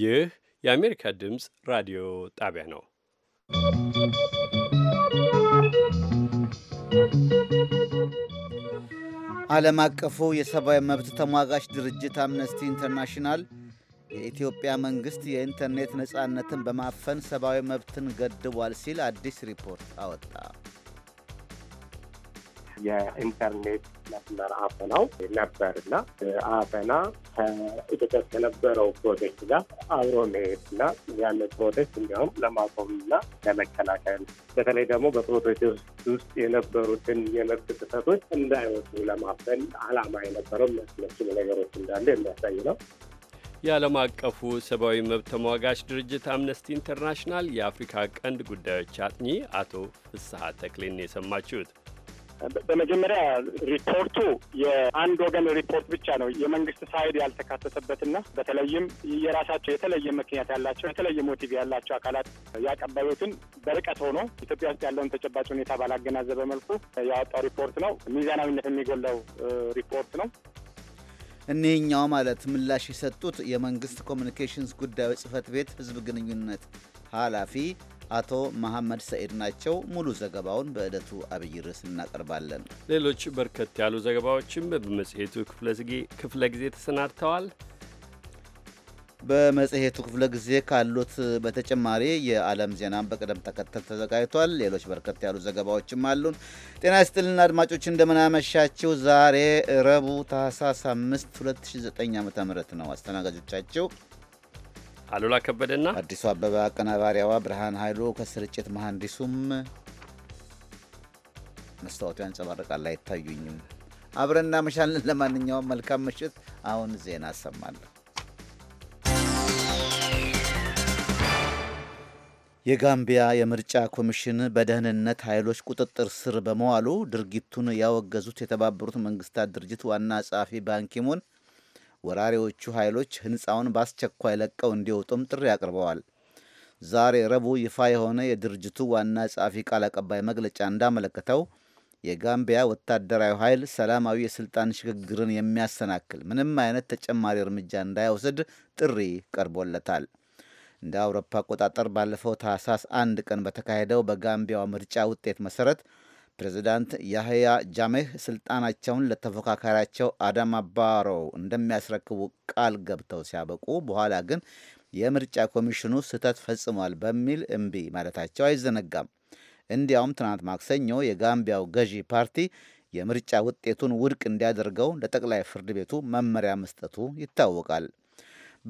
ይህ የአሜሪካ ድምፅ ራዲዮ ጣቢያ ነው። ዓለም አቀፉ የሰብአዊ መብት ተሟጋች ድርጅት አምነስቲ ኢንተርናሽናል የኢትዮጵያ መንግሥት የኢንተርኔት ነፃነትን በማፈን ሰብአዊ መብትን ገድቧል ሲል አዲስ ሪፖርት አወጣ። የኢንተርኔት መስመር አፈናው ነበር እና አፈና ከኢትዮጵያ ከነበረው ፕሮጀክት ጋር አብሮ መሄድ እና ያለ ፕሮጀክት እንዲያውም ለማቆም እና ለመከላከል በተለይ ደግሞ በፕሮጀክት ውስጥ የነበሩትን የመብት ጥሰቶች እንዳይወጡ ለማፈን አላማ የነበረው መስመችም ነገሮች እንዳሉ የሚያሳይ ነው። የዓለም አቀፉ ሰብአዊ መብት ተሟጋች ድርጅት አምነስቲ ኢንተርናሽናል የአፍሪካ ቀንድ ጉዳዮች አጥኚ አቶ ፍስሐ ተክሌን የሰማችሁት። በመጀመሪያ ሪፖርቱ የአንድ ወገን ሪፖርት ብቻ ነው። የመንግስት ሳይድ ያልተካተተበትና በተለይም የራሳቸው የተለየ ምክንያት ያላቸው የተለየ ሞቲቭ ያላቸው አካላት ያቀበሉትን በርቀት ሆኖ ኢትዮጵያ ውስጥ ያለውን ተጨባጭ ሁኔታ ባላገናዘበ መልኩ ያወጣው ሪፖርት ነው። ሚዛናዊነት የሚጎለው ሪፖርት ነው። እኒህኛው ማለት ምላሽ የሰጡት የመንግስት ኮሚኒኬሽንስ ጉዳዮች ጽህፈት ቤት ህዝብ ግንኙነት ኃላፊ አቶ መሐመድ ሰኢድ ናቸው። ሙሉ ዘገባውን በዕለቱ አብይ ርዕስ እናቀርባለን። ሌሎች በርከት ያሉ ዘገባዎችም በመጽሔቱ ክፍለ ጊዜ ተሰናድተዋል። በመጽሔቱ ክፍለ ጊዜ ካሉት በተጨማሪ የዓለም ዜናም በቅደም ተከተል ተዘጋጅቷል። ሌሎች በርከት ያሉ ዘገባዎችም አሉን። ጤና ይስጥልን አድማጮች እንደምናመሻችው። ዛሬ ረቡዕ ታህሳስ 5 2009 ዓ ም ነው አስተናጋጆቻቸው አሉላ ከበደና አዲሱ አበበ አቀናባሪያዋ ብርሃን ኃይሉ ከስርጭት መሐንዲሱም መስታወቱ ያንጸባርቃል፣ አይታዩኝም። አብረን እናመሻለን። ለማንኛውም መልካም ምሽት። አሁን ዜና አሰማለሁ። የጋምቢያ የምርጫ ኮሚሽን በደህንነት ኃይሎች ቁጥጥር ስር በመዋሉ ድርጊቱን ያወገዙት የተባበሩት መንግስታት ድርጅት ዋና ጸሐፊ ባንኪሙን ወራሪዎቹ ኃይሎች ሕንፃውን በአስቸኳይ ለቀው እንዲወጡም ጥሪ አቅርበዋል። ዛሬ ረቡዕ ይፋ የሆነ የድርጅቱ ዋና ጸሐፊ ቃል አቀባይ መግለጫ እንዳመለከተው የጋምቢያ ወታደራዊ ኃይል ሰላማዊ የስልጣን ሽግግርን የሚያሰናክል ምንም አይነት ተጨማሪ እርምጃ እንዳይወስድ ጥሪ ቀርቦለታል። እንደ አውሮፓ አቆጣጠር ባለፈው ታህሳስ አንድ ቀን በተካሄደው በጋምቢያው ምርጫ ውጤት መሰረት ፕሬዚዳንት ያህያ ጃሜህ ስልጣናቸውን ለተፎካካሪያቸው አዳማ ባሮው እንደሚያስረክቡ ቃል ገብተው ሲያበቁ በኋላ ግን የምርጫ ኮሚሽኑ ስህተት ፈጽሟል በሚል እምቢ ማለታቸው አይዘነጋም። እንዲያውም ትናንት ማክሰኞ የጋምቢያው ገዢ ፓርቲ የምርጫ ውጤቱን ውድቅ እንዲያደርገው ለጠቅላይ ፍርድ ቤቱ መመሪያ መስጠቱ ይታወቃል።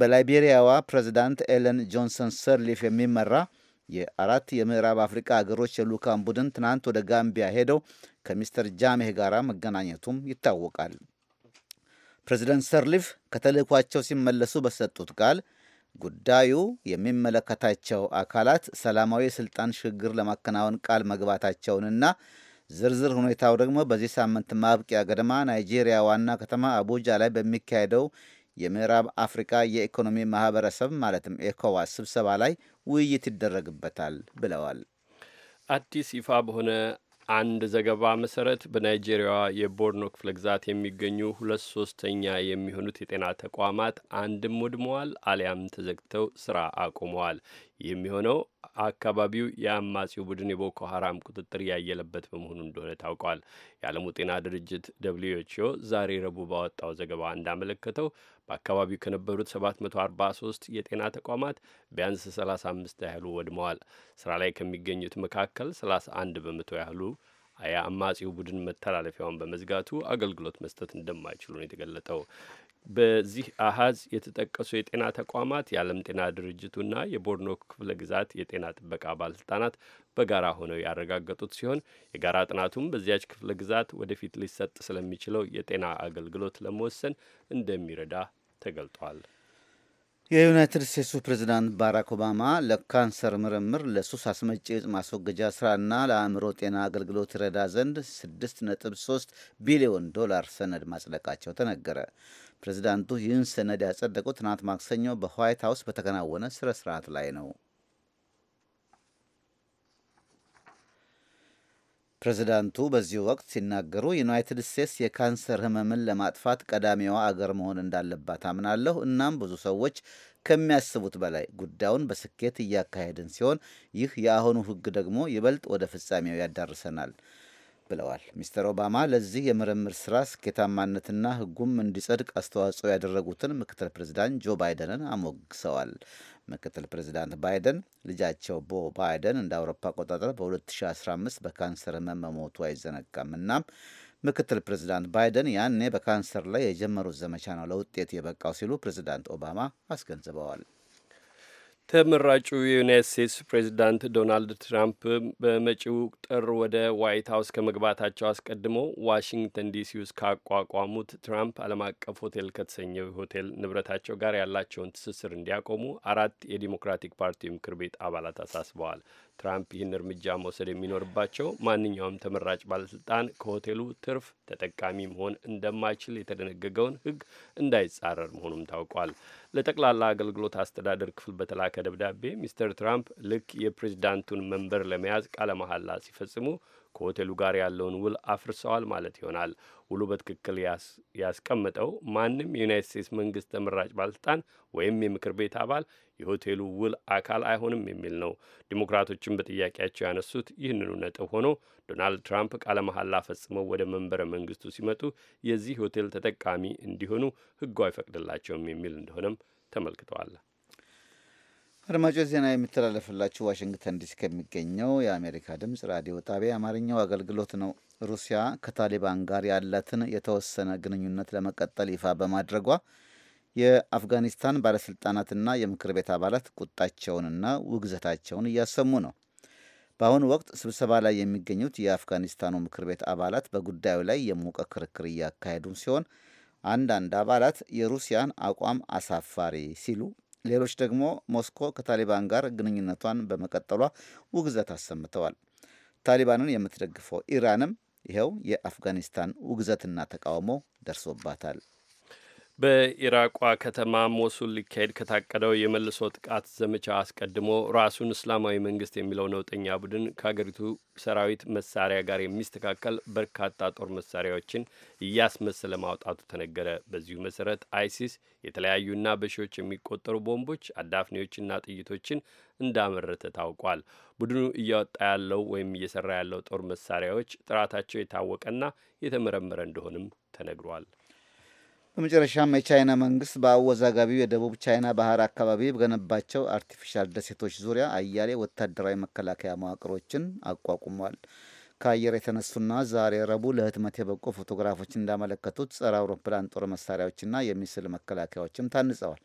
በላይቤሪያዋ ፕሬዚዳንት ኤለን ጆንሰን ሰርሊፍ የሚመራ የአራት የምዕራብ አፍሪካ ሀገሮች የልዑካን ቡድን ትናንት ወደ ጋምቢያ ሄደው ከሚስተር ጃሜህ ጋር መገናኘቱም ይታወቃል። ፕሬዚደንት ሰርሊፍ ከተልእኳቸው ሲመለሱ በሰጡት ቃል ጉዳዩ የሚመለከታቸው አካላት ሰላማዊ የስልጣን ሽግግር ለማከናወን ቃል መግባታቸውንና ዝርዝር ሁኔታው ደግሞ በዚህ ሳምንት ማብቂያ ገደማ ናይጄሪያ ዋና ከተማ አቡጃ ላይ በሚካሄደው የምዕራብ አፍሪካ የኢኮኖሚ ማህበረሰብ ማለትም ኤኮዋስ ስብሰባ ላይ ውይይት ይደረግበታል ብለዋል። አዲስ ይፋ በሆነ አንድ ዘገባ መሰረት በናይጄሪያዋ የቦርኖ ክፍለ ግዛት የሚገኙ ሁለት ሶስተኛ የሚሆኑት የጤና ተቋማት አንድም ወድመዋል አሊያም ተዘግተው ስራ አቁመዋል። የሚሆነው አካባቢው የአማጺው ቡድን የቦኮ ሀራም ቁጥጥር ያየለበት በመሆኑ እንደሆነ ታውቋል። የዓለሙ ጤና ድርጅት ደብሊውኤችኦ ዛሬ ረቡዕ ባወጣው ዘገባ እንዳመለከተው በአካባቢው ከነበሩት 743 የጤና ተቋማት ቢያንስ 35 ያህሉ ወድመዋል። ስራ ላይ ከሚገኙት መካከል 31 በመቶ ያህሉ የአማጺው ቡድን መተላለፊያውን በመዝጋቱ አገልግሎት መስጠት እንደማይችሉ ነው የተገለጠው። በዚህ አሀዝ የተጠቀሱ የጤና ተቋማት የዓለም ጤና ድርጅቱና የቦርኖ ክፍለ ግዛት የጤና ጥበቃ ባለስልጣናት በጋራ ሆነው ያረጋገጡት ሲሆን የጋራ ጥናቱም በዚያች ክፍለ ግዛት ወደፊት ሊሰጥ ስለሚችለው የጤና አገልግሎት ለመወሰን እንደሚረዳ ተገልጧል። የዩናይትድ ስቴትሱ ፕሬዚዳንት ባራክ ኦባማ ለካንሰር ምርምር፣ ለሱስ አስመጪ እጽ ማስወገጃ ስራና ለአእምሮ ጤና አገልግሎት ይረዳ ዘንድ 6.3 ቢሊዮን ዶላር ሰነድ ማጽደቃቸው ተነገረ። ፕሬዚዳንቱ ይህን ሰነድ ያጸደቁ ትናንት ማክሰኞ በዋይት ሀውስ በተከናወነ ስነ ስርዓት ላይ ነው። ፕሬዚዳንቱ በዚህ ወቅት ሲናገሩ ዩናይትድ ስቴትስ የካንሰር ህመምን ለማጥፋት ቀዳሚዋ አገር መሆን እንዳለባት አምናለሁ። እናም ብዙ ሰዎች ከሚያስቡት በላይ ጉዳዩን በስኬት እያካሄድን ሲሆን፣ ይህ የአሁኑ ህግ ደግሞ ይበልጥ ወደ ፍጻሜው ያዳርሰናል። ብለዋል። ሚስተር ኦባማ ለዚህ የምርምር ስራ ስኬታማነትና ህጉም እንዲጸድቅ አስተዋጽኦ ያደረጉትን ምክትል ፕሬዚዳንት ጆ ባይደንን አሞግሰዋል። ምክትል ፕሬዚዳንት ባይደን ልጃቸው ቦ ባይደን እንደ አውሮፓ አቆጣጠር በ2015 በካንሰር ህመም መሞቱ አይዘነጋም። እናም ምክትል ፕሬዚዳንት ባይደን ያኔ በካንሰር ላይ የጀመሩት ዘመቻ ነው ለውጤት የበቃው ሲሉ ፕሬዚዳንት ኦባማ አስገንዝበዋል። ተመራጩ የዩናይት ስቴትስ ፕሬዚዳንት ዶናልድ ትራምፕ በመጪው ጥር ወደ ዋይት ሀውስ ከመግባታቸው አስቀድሞ ዋሽንግተን ዲሲ ውስጥ ካቋቋሙት ትራምፕ ዓለም አቀፍ ሆቴል ከተሰኘው ሆቴል ንብረታቸው ጋር ያላቸውን ትስስር እንዲያቆሙ አራት የዲሞክራቲክ ፓርቲ ምክር ቤት አባላት አሳስበዋል። ትራምፕ ይህን እርምጃ መውሰድ የሚኖርባቸው ማንኛውም ተመራጭ ባለስልጣን ከሆቴሉ ትርፍ ተጠቃሚ መሆን እንደማይችል የተደነገገውን ሕግ እንዳይጻረር መሆኑም ታውቋል። ለጠቅላላ አገልግሎት አስተዳደር ክፍል በተላከ ደብዳቤ ሚስተር ትራምፕ ልክ የፕሬዚዳንቱን መንበር ለመያዝ ቃለ መሐላ ሲፈጽሙ ከሆቴሉ ጋር ያለውን ውል አፍርሰዋል ማለት ይሆናል። ውሉ በትክክል ያስቀመጠው ማንም የዩናይት ስቴትስ መንግስት ተመራጭ ባለስልጣን ወይም የምክር ቤት አባል የሆቴሉ ውል አካል አይሆንም የሚል ነው። ዲሞክራቶችን በጥያቄያቸው ያነሱት ይህንኑ ነጥብ ሆኖ ዶናልድ ትራምፕ ቃለ መሐላ ፈጽመው ወደ መንበረ መንግስቱ ሲመጡ የዚህ ሆቴል ተጠቃሚ እንዲሆኑ ህጉ አይፈቅድላቸውም የሚል እንደሆነም ተመልክተዋል። አድማጮች ዜና የሚተላለፍላችሁ ዋሽንግተን ዲሲ ከሚገኘው የአሜሪካ ድምፅ ራዲዮ ጣቢያ አማርኛው አገልግሎት ነው። ሩሲያ ከታሊባን ጋር ያላትን የተወሰነ ግንኙነት ለመቀጠል ይፋ በማድረጓ የአፍጋኒስታን ባለሥልጣናትና የምክር ቤት አባላት ቁጣቸውንና ውግዘታቸውን እያሰሙ ነው። በአሁኑ ወቅት ስብሰባ ላይ የሚገኙት የአፍጋኒስታኑ ምክር ቤት አባላት በጉዳዩ ላይ የሞቀ ክርክር እያካሄዱም ሲሆን አንዳንድ አባላት የሩሲያን አቋም አሳፋሪ ሲሉ፣ ሌሎች ደግሞ ሞስኮ ከታሊባን ጋር ግንኙነቷን በመቀጠሏ ውግዘት አሰምተዋል። ታሊባንን የምትደግፈው ኢራንም ይኸው የአፍጋኒስታን ውግዘትና ተቃውሞ ደርሶባታል። በኢራቋ ከተማ ሞሱል ሊካሄድ ከታቀደው የመልሶ ጥቃት ዘመቻ አስቀድሞ ራሱን እስላማዊ መንግስት የሚለው ነውጠኛ ቡድን ከሀገሪቱ ሰራዊት መሳሪያ ጋር የሚስተካከል በርካታ ጦር መሳሪያዎችን እያስመሰለ ማውጣቱ ተነገረ። በዚሁ መሰረት አይሲስ የተለያዩና በሺዎች የሚቆጠሩ ቦምቦች፣ አዳፍኔዎችና ጥይቶችን እንዳመረተ ታውቋል። ቡድኑ እያወጣ ያለው ወይም እየሰራ ያለው ጦር መሳሪያዎች ጥራታቸው የታወቀና የተመረመረ እንደሆንም ተነግሯል። በመጨረሻም የቻይና መንግስት በአወዛጋቢው የደቡብ ቻይና ባህር አካባቢ በገነባቸው አርቲፊሻል ደሴቶች ዙሪያ አያሌ ወታደራዊ መከላከያ መዋቅሮችን አቋቁሟል። ከአየር የተነሱና ዛሬ ረቡዕ ለህትመት የበቁ ፎቶግራፎች እንዳመለከቱት ጸረ አውሮፕላን ጦር መሳሪያዎችና የሚስል መከላከያዎችም ታንጸዋል።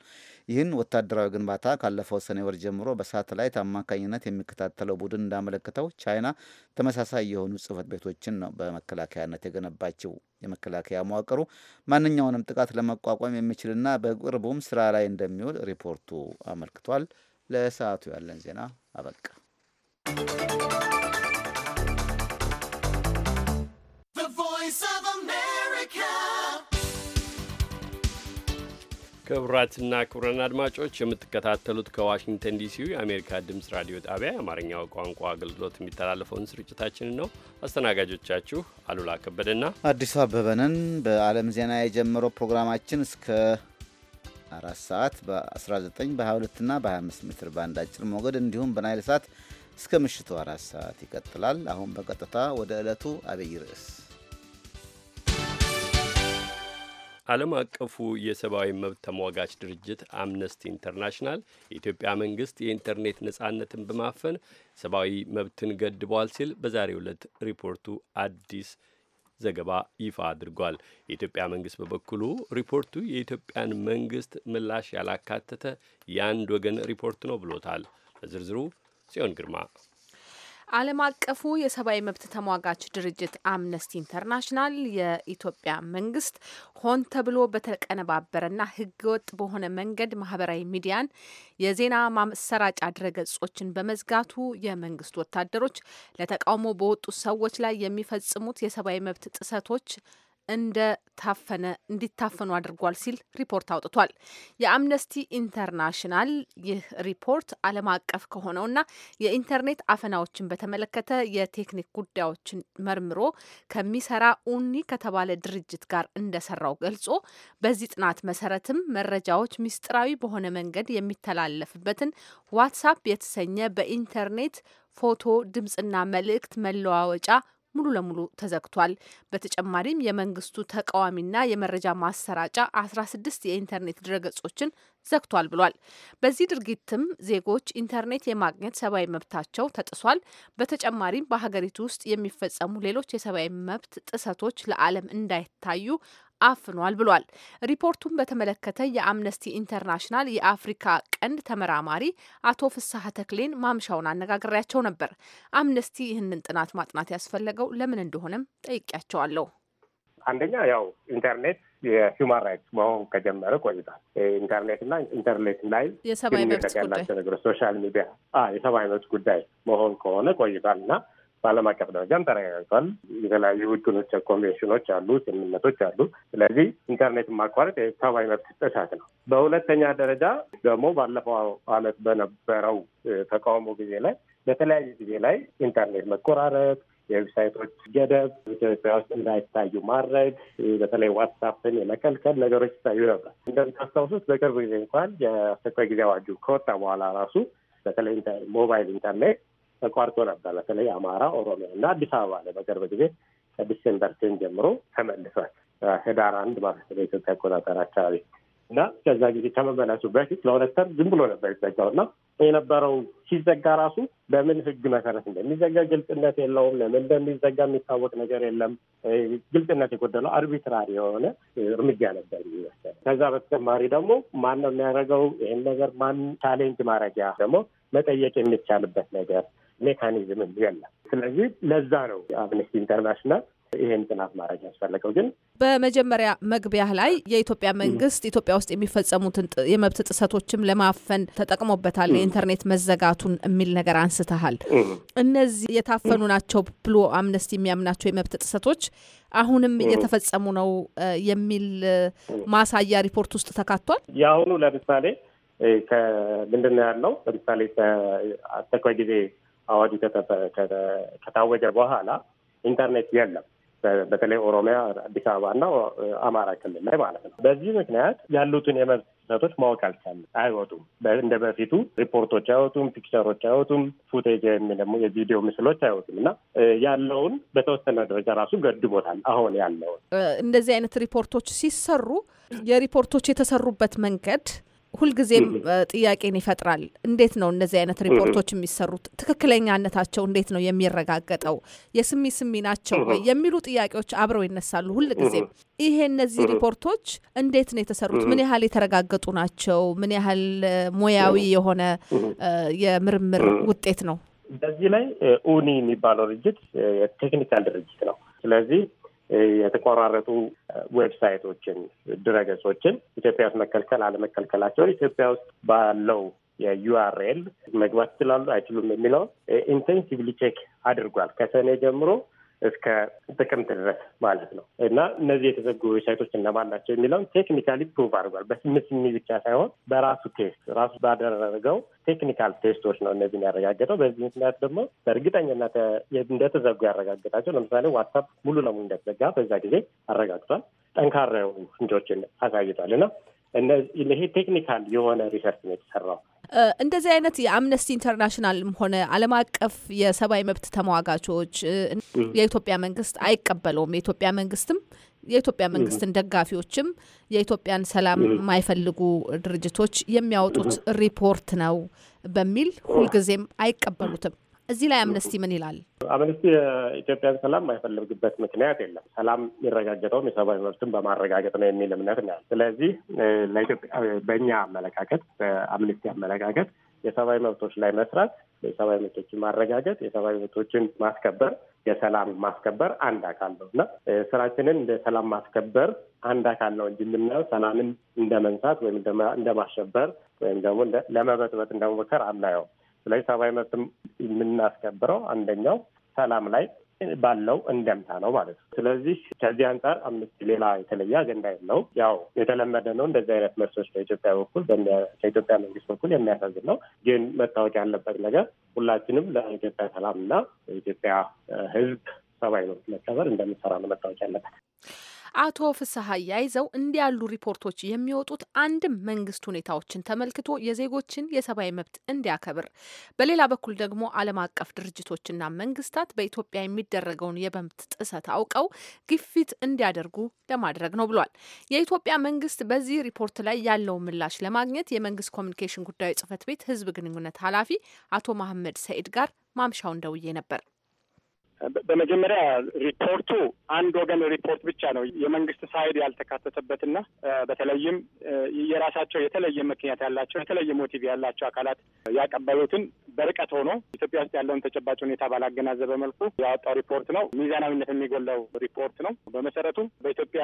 ይህን ወታደራዊ ግንባታ ካለፈው ሰኔ ወር ጀምሮ በሳተላይት አማካኝነት የሚከታተለው ቡድን እንዳመለከተው ቻይና ተመሳሳይ የሆኑ ጽህፈት ቤቶችን ነው በመከላከያነት የገነባቸው የመከላከያ መዋቅሩ ማንኛውንም ጥቃት ለመቋቋም የሚችልና በቅርቡም ስራ ላይ እንደሚውል ሪፖርቱ አመልክቷል። ለሰዓቱ ያለን ዜና አበቃ። ክቡራትና ክቡራን አድማጮች የምትከታተሉት ከዋሽንግተን ዲሲው የአሜሪካ ድምፅ ራዲዮ ጣቢያ የአማርኛው ቋንቋ አገልግሎት የሚተላለፈውን ስርጭታችንን ነው። አስተናጋጆቻችሁ አሉላ ከበደና አዲሱ አበበንን በዓለም ዜና የጀመረው ፕሮግራማችን እስከ አራት ሰዓት በ19 በ22ና በ25 ሜትር ባንድ አጭር ሞገድ እንዲሁም በናይል ሰዓት እስከ ምሽቱ አራት ሰዓት ይቀጥላል። አሁን በቀጥታ ወደ ዕለቱ አብይ ርዕስ ዓለም አቀፉ የሰብአዊ መብት ተሟጋች ድርጅት አምነስቲ ኢንተርናሽናል የኢትዮጵያ መንግስት የኢንተርኔት ነጻነትን በማፈን ሰብአዊ መብትን ገድቧል ሲል በዛሬው ዕለት ሪፖርቱ አዲስ ዘገባ ይፋ አድርጓል። የኢትዮጵያ መንግስት በበኩሉ ሪፖርቱ የኢትዮጵያን መንግስት ምላሽ ያላካተተ የአንድ ወገን ሪፖርት ነው ብሎታል። በዝርዝሩ ጽዮን ግርማ ዓለም አቀፉ የሰብአዊ መብት ተሟጋች ድርጅት አምነስቲ ኢንተርናሽናል የኢትዮጵያ መንግስት ሆን ተብሎ በተቀነባበረና ህገወጥ በሆነ መንገድ ማህበራዊ ሚዲያን፣ የዜና ማሰራጫ ድረገጾችን በመዝጋቱ የመንግስት ወታደሮች ለተቃውሞ በወጡ ሰዎች ላይ የሚፈጽሙት የሰብአዊ መብት ጥሰቶች እንደ ታፈነ እንዲታፈኑ አድርጓል ሲል ሪፖርት አውጥቷል። የአምነስቲ ኢንተርናሽናል ይህ ሪፖርት ዓለም አቀፍ ከሆነውና የኢንተርኔት አፈናዎችን በተመለከተ የቴክኒክ ጉዳዮችን መርምሮ ከሚሰራ ኡኒ ከተባለ ድርጅት ጋር እንደሰራው ገልጾ በዚህ ጥናት መሰረትም መረጃዎች ምስጢራዊ በሆነ መንገድ የሚተላለፍበትን ዋትሳፕ የተሰኘ በኢንተርኔት ፎቶ፣ ድምፅና መልእክት መለዋወጫ ሙሉ ለሙሉ ተዘግቷል። በተጨማሪም የመንግስቱ ተቃዋሚና የመረጃ ማሰራጫ 16 የኢንተርኔት ድረገጾችን ዘግቷል ብሏል። በዚህ ድርጊትም ዜጎች ኢንተርኔት የማግኘት ሰብአዊ መብታቸው ተጥሷል። በተጨማሪም በሀገሪቱ ውስጥ የሚፈጸሙ ሌሎች የሰብአዊ መብት ጥሰቶች ለዓለም እንዳይታዩ አፍኗል ብሏል። ሪፖርቱን በተመለከተ የአምነስቲ ኢንተርናሽናል የአፍሪካ ቀንድ ተመራማሪ አቶ ፍስሐ ተክሌን ማምሻውን አነጋግሬያቸው ነበር። አምነስቲ ይህንን ጥናት ማጥናት ያስፈለገው ለምን እንደሆነም ጠይቄያቸዋለሁ። አንደኛ ያው ኢንተርኔት የሂውማን ራይትስ መሆን ከጀመረ ቆይቷል። ኢንተርኔት እና ኢንተርኔት ላይ ግንኙነት ያላቸው ነገሮች ሶሻል ሚዲያ የሰብአዊ መብት ጉዳይ መሆን ከሆነ ቆይቷል እና በዓለም አቀፍ ደረጃም ተረጋግጧል። የተለያዩ ውድኖች፣ ኮንቬንሽኖች አሉ፣ ስምምነቶች አሉ። ስለዚህ ኢንተርኔት ማቋረጥ የሰብአዊ መብት ጥሰት ነው። በሁለተኛ ደረጃ ደግሞ ባለፈው ዓመት በነበረው ተቃውሞ ጊዜ ላይ በተለያዩ ጊዜ ላይ ኢንተርኔት መቆራረጥ የዌብሳይቶች ገደብ ኢትዮጵያ ውስጥ እንዳይታዩ ማድረግ በተለይ ዋትሳፕን የመከልከል ነገሮች ይታዩ ነበር። እንደምታስታውሱት በቅርብ ጊዜ እንኳን የአስቸኳይ ጊዜ አዋጁ ከወጣ በኋላ ራሱ በተለይ ሞባይል ኢንተርኔት ተቋርጦ ነበር። በተለይ አማራ፣ ኦሮሚያ እና አዲስ አበባ ላይ በቅርብ ጊዜ ከዲሴምበር ቴን ጀምሮ ተመልሷል። ህዳር አንድ ማለት በኢትዮጵያ አቆጣጠር አካባቢ እና ከዛ ጊዜ ከመመለሱ በፊት ለሁለት ዝም ብሎ ነበር ይዘጋው እና የነበረው ሲዘጋ ራሱ በምን ህግ መሰረት እንደሚዘጋ ግልጽነት የለውም። ለምን እንደሚዘጋ የሚታወቅ ነገር የለም። ግልጽነት የጎደለው አርቢትራሪ የሆነ እርምጃ ነበር የሚወሰድ። ከዛ በተጨማሪ ደግሞ ማን ነው የሚያደርገው ይህን ነገር ማን ቻሌንጅ ማድረጊያ ደግሞ መጠየቅ የሚቻልበት ነገር ሜካኒዝምም የለም። ስለዚህ ለዛ ነው አምነስቲ ኢንተርናሽናል ይሄን ጥናት ማድረግ ያስፈለገው። ግን በመጀመሪያ መግቢያ ላይ የኢትዮጵያ መንግስት ኢትዮጵያ ውስጥ የሚፈጸሙትን የመብት ጥሰቶችም ለማፈን ተጠቅሞበታል የኢንተርኔት መዘጋቱን የሚል ነገር አንስተሃል። እነዚህ የታፈኑ ናቸው ብሎ አምነስቲ የሚያምናቸው የመብት ጥሰቶች አሁንም እየተፈጸሙ ነው የሚል ማሳያ ሪፖርት ውስጥ ተካቷል። የአሁኑ ለምሳሌ ምንድን ነው ያለው? ለምሳሌ አስቸኳይ ጊዜ አዋጁ ከታወጀ በኋላ ኢንተርኔት የለም። በተለይ ኦሮሚያ፣ አዲስ አበባ እና አማራ ክልል ላይ ማለት ነው። በዚህ ምክንያት ያሉትን የመብት ጥሰቶች ማወቅ አልቻለም። አይወጡም። እንደ በፊቱ ሪፖርቶች አይወጡም፣ ፒክቸሮች አይወጡም፣ ፉቴጅ ወይም ደግሞ የቪዲዮ ምስሎች አይወጡም እና ያለውን በተወሰነ ደረጃ ራሱ ገድቦታል። አሁን ያለውን እንደዚህ አይነት ሪፖርቶች ሲሰሩ የሪፖርቶች የተሰሩበት መንገድ ሁልጊዜም ጥያቄን ይፈጥራል። እንዴት ነው እነዚህ አይነት ሪፖርቶች የሚሰሩት? ትክክለኛነታቸው እንዴት ነው የሚረጋገጠው? የስሚ ስሚ ናቸው የሚሉ ጥያቄዎች አብረው ይነሳሉ ሁልጊዜም። ይሄ እነዚህ ሪፖርቶች እንዴት ነው የተሰሩት? ምን ያህል የተረጋገጡ ናቸው? ምን ያህል ሙያዊ የሆነ የምርምር ውጤት ነው? በዚህ ላይ ኡኒ የሚባለው ድርጅት የቴክኒካል ድርጅት ነው። ስለዚህ የተቆራረጡ ዌብሳይቶችን፣ ድረገጾችን ኢትዮጵያ ውስጥ መከልከል አለመከልከላቸውን ኢትዮጵያ ውስጥ ባለው የዩአርኤል መግባት ይችላሉ አይችሉም የሚለውን ኢንቴንሲቭሊ ቼክ አድርጓል። ከሰኔ ጀምሮ እስከ ጥቅምት ድረስ ማለት ነው እና እነዚህ የተዘጉ ዌብሳይቶች እነማን ናቸው የሚለውን ቴክኒካሊ ፕሩቭ አድርጓል። በምስሚ ብቻ ሳይሆን በራሱ ቴስት ራሱ ባደረገው ቴክኒካል ቴስቶች ነው እነዚህን ያረጋገጠው። በዚህ ምክንያት ደግሞ በእርግጠኝነት እንደተዘጉ ያረጋገጣቸው ለምሳሌ ዋትሳፕ ሙሉ ለሙሉ እንደተዘጋ በዛ ጊዜ አረጋግጧል። ጠንካራ የሆኑ ፍንጮችን አሳይቷል እና ይሄ ቴክኒካል የሆነ ሪሰርች ነው የተሰራው። እንደዚህ አይነት የአምነስቲ ኢንተርናሽናልም ሆነ ዓለም አቀፍ የሰብአዊ መብት ተሟጋቾች የኢትዮጵያ መንግስት አይቀበለውም። የኢትዮጵያ መንግስትም የኢትዮጵያ መንግስትን ደጋፊዎችም የኢትዮጵያን ሰላም የማይፈልጉ ድርጅቶች የሚያወጡት ሪፖርት ነው በሚል ሁልጊዜም አይቀበሉትም። እዚህ ላይ አምነስቲ ምን ይላል? አምነስቲ የኢትዮጵያን ሰላም የማይፈልግበት ምክንያት የለም። ሰላም የሚረጋገጠውም የሰብአዊ መብትን በማረጋገጥ ነው የሚል እምነት ነው። ስለዚህ ለኢትዮጵያ በእኛ አመለካከት በአምነስቲ አመለካከት የሰብአዊ መብቶች ላይ መስራት፣ የሰብአዊ መብቶችን ማረጋገጥ፣ የሰብአዊ መብቶችን ማስከበር የሰላም ማስከበር አንድ አካል ነው እና ስራችንን እንደ ሰላም ማስከበር አንድ አካል ነው እንጂ የምናየው ሰላምን እንደ መንሳት ወይም እንደ ማሸበር ወይም ደግሞ ለመበጥበጥ እንደመሞከር አናየውም። ስለዚህ ሰብአዊ መብት የምናስከብረው አንደኛው ሰላም ላይ ባለው እንደምታ ነው ማለት ነው። ስለዚህ ከዚህ አንጻር አምስት ሌላ የተለየ አጀንዳ የለው። ያው የተለመደ ነው እንደዚህ አይነት መልሶች በኢትዮጵያ በኩል ከኢትዮጵያ መንግስት በኩል የሚያሳዝን ነው። ግን መታወቅ ያለበት ነገር ሁላችንም ለኢትዮጵያ ሰላም እና ኢትዮጵያ ሕዝብ ሰብአዊ መብት መከበር እንደምንሰራ ነው መታወቅ ያለበት። አቶ ፍስሀ ያይዘው እንዲህ ያሉ ሪፖርቶች የሚወጡት አንድም መንግስት ሁኔታዎችን ተመልክቶ የዜጎችን የሰብአዊ መብት እንዲያከብር፣ በሌላ በኩል ደግሞ ዓለም አቀፍ ድርጅቶችና መንግስታት በኢትዮጵያ የሚደረገውን የመብት ጥሰት አውቀው ግፊት እንዲያደርጉ ለማድረግ ነው ብሏል። የኢትዮጵያ መንግስት በዚህ ሪፖርት ላይ ያለውን ምላሽ ለማግኘት የመንግስት ኮሚኒኬሽን ጉዳዮች ጽህፈት ቤት ህዝብ ግንኙነት ኃላፊ አቶ መሐመድ ሰኢድ ጋር ማምሻውን ደውዬ ነበር። በመጀመሪያ ሪፖርቱ አንድ ወገን ሪፖርት ብቻ ነው የመንግስት ሳይድ ያልተካተተበትና በተለይም የራሳቸው የተለየ ምክንያት ያላቸው የተለየ ሞቲቭ ያላቸው አካላት ያቀበሉትን በርቀት ሆኖ ኢትዮጵያ ውስጥ ያለውን ተጨባጭ ሁኔታ ባላገናዘበ መልኩ ያወጣው ሪፖርት ነው። ሚዛናዊነት የሚጎላው ሪፖርት ነው። በመሰረቱ በኢትዮጵያ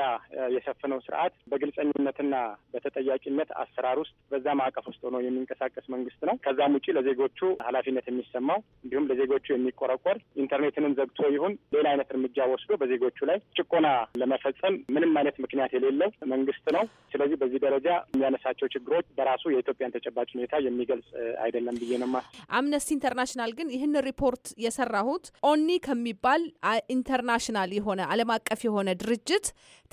የሰፈነው ስርዓት በግልጸኝነትና በተጠያቂነት አሰራር ውስጥ በዛ ማዕቀፍ ውስጥ ሆኖ የሚንቀሳቀስ መንግስት ነው። ከዛም ውጭ ለዜጎቹ ኃላፊነት የሚሰማው እንዲሁም ለዜጎቹ የሚቆረቆር ኢንተርኔትንም ዘ ዘግቶ ይሁን ሌላ አይነት እርምጃ ወስዶ በዜጎቹ ላይ ጭቆና ለመፈጸም ምንም አይነት ምክንያት የሌለው መንግስት ነው። ስለዚህ በዚህ ደረጃ የሚያነሳቸው ችግሮች በራሱ የኢትዮጵያን ተጨባጭ ሁኔታ የሚገልጽ አይደለም ብዬ ነው አምነስቲ ኢንተርናሽናል ግን ይህን ሪፖርት የሰራሁት ኦኒ ከሚባል ኢንተርናሽናል የሆነ ዓለም አቀፍ የሆነ ድርጅት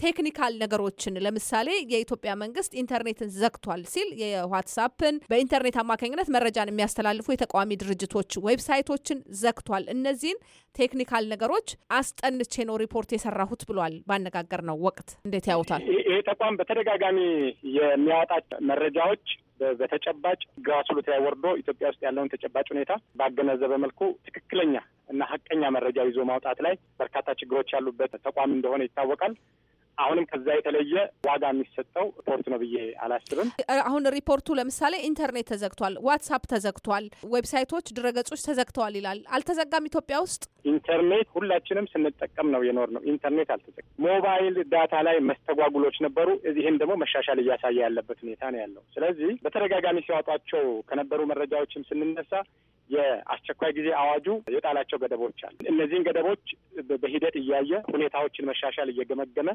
ቴክኒካል ነገሮችን ለምሳሌ የኢትዮጵያ መንግስት ኢንተርኔትን ዘግቷል ሲል የዋትሳፕን በኢንተርኔት አማካኝነት መረጃን የሚያስተላልፉ የተቃዋሚ ድርጅቶች ዌብሳይቶችን ዘግቷል። እነዚህን ቴክኒካል ነገሮች አስጠንቼ ነው ሪፖርት የሰራሁት ብሏል። ባነጋገር ነው ወቅት እንዴት ያውታል? ይሄ ተቋም በተደጋጋሚ የሚያወጣች መረጃዎች በተጨባጭ ግራስሩት ላይ ወርዶ ኢትዮጵያ ውስጥ ያለውን ተጨባጭ ሁኔታ ባገነዘበ መልኩ ትክክለኛ እና ሀቀኛ መረጃ ይዞ ማውጣት ላይ በርካታ ችግሮች ያሉበት ተቋም እንደሆነ ይታወቃል። አሁንም ከዛ የተለየ ዋጋ የሚሰጠው ሪፖርት ነው ብዬ አላስብም። አሁን ሪፖርቱ ለምሳሌ ኢንተርኔት ተዘግቷል፣ ዋትሳፕ ተዘግቷል፣ ዌብሳይቶች፣ ድረገጾች ተዘግተዋል ይላል። አልተዘጋም ኢትዮጵያ ውስጥ ኢንተርኔት ሁላችንም ስንጠቀም ነው የኖር ነው። ኢንተርኔት አልተዘጋም። ሞባይል ዳታ ላይ መስተጓጉሎች ነበሩ። እዚህም ደግሞ መሻሻል እያሳየ ያለበት ሁኔታ ነው ያለው። ስለዚህ በተደጋጋሚ ሲያወጧቸው ከነበሩ መረጃዎችም ስንነሳ የአስቸኳይ ጊዜ አዋጁ የጣላቸው ገደቦች አሉ። እነዚህን ገደቦች በሂደት እያየ ሁኔታዎችን መሻሻል እየገመገመ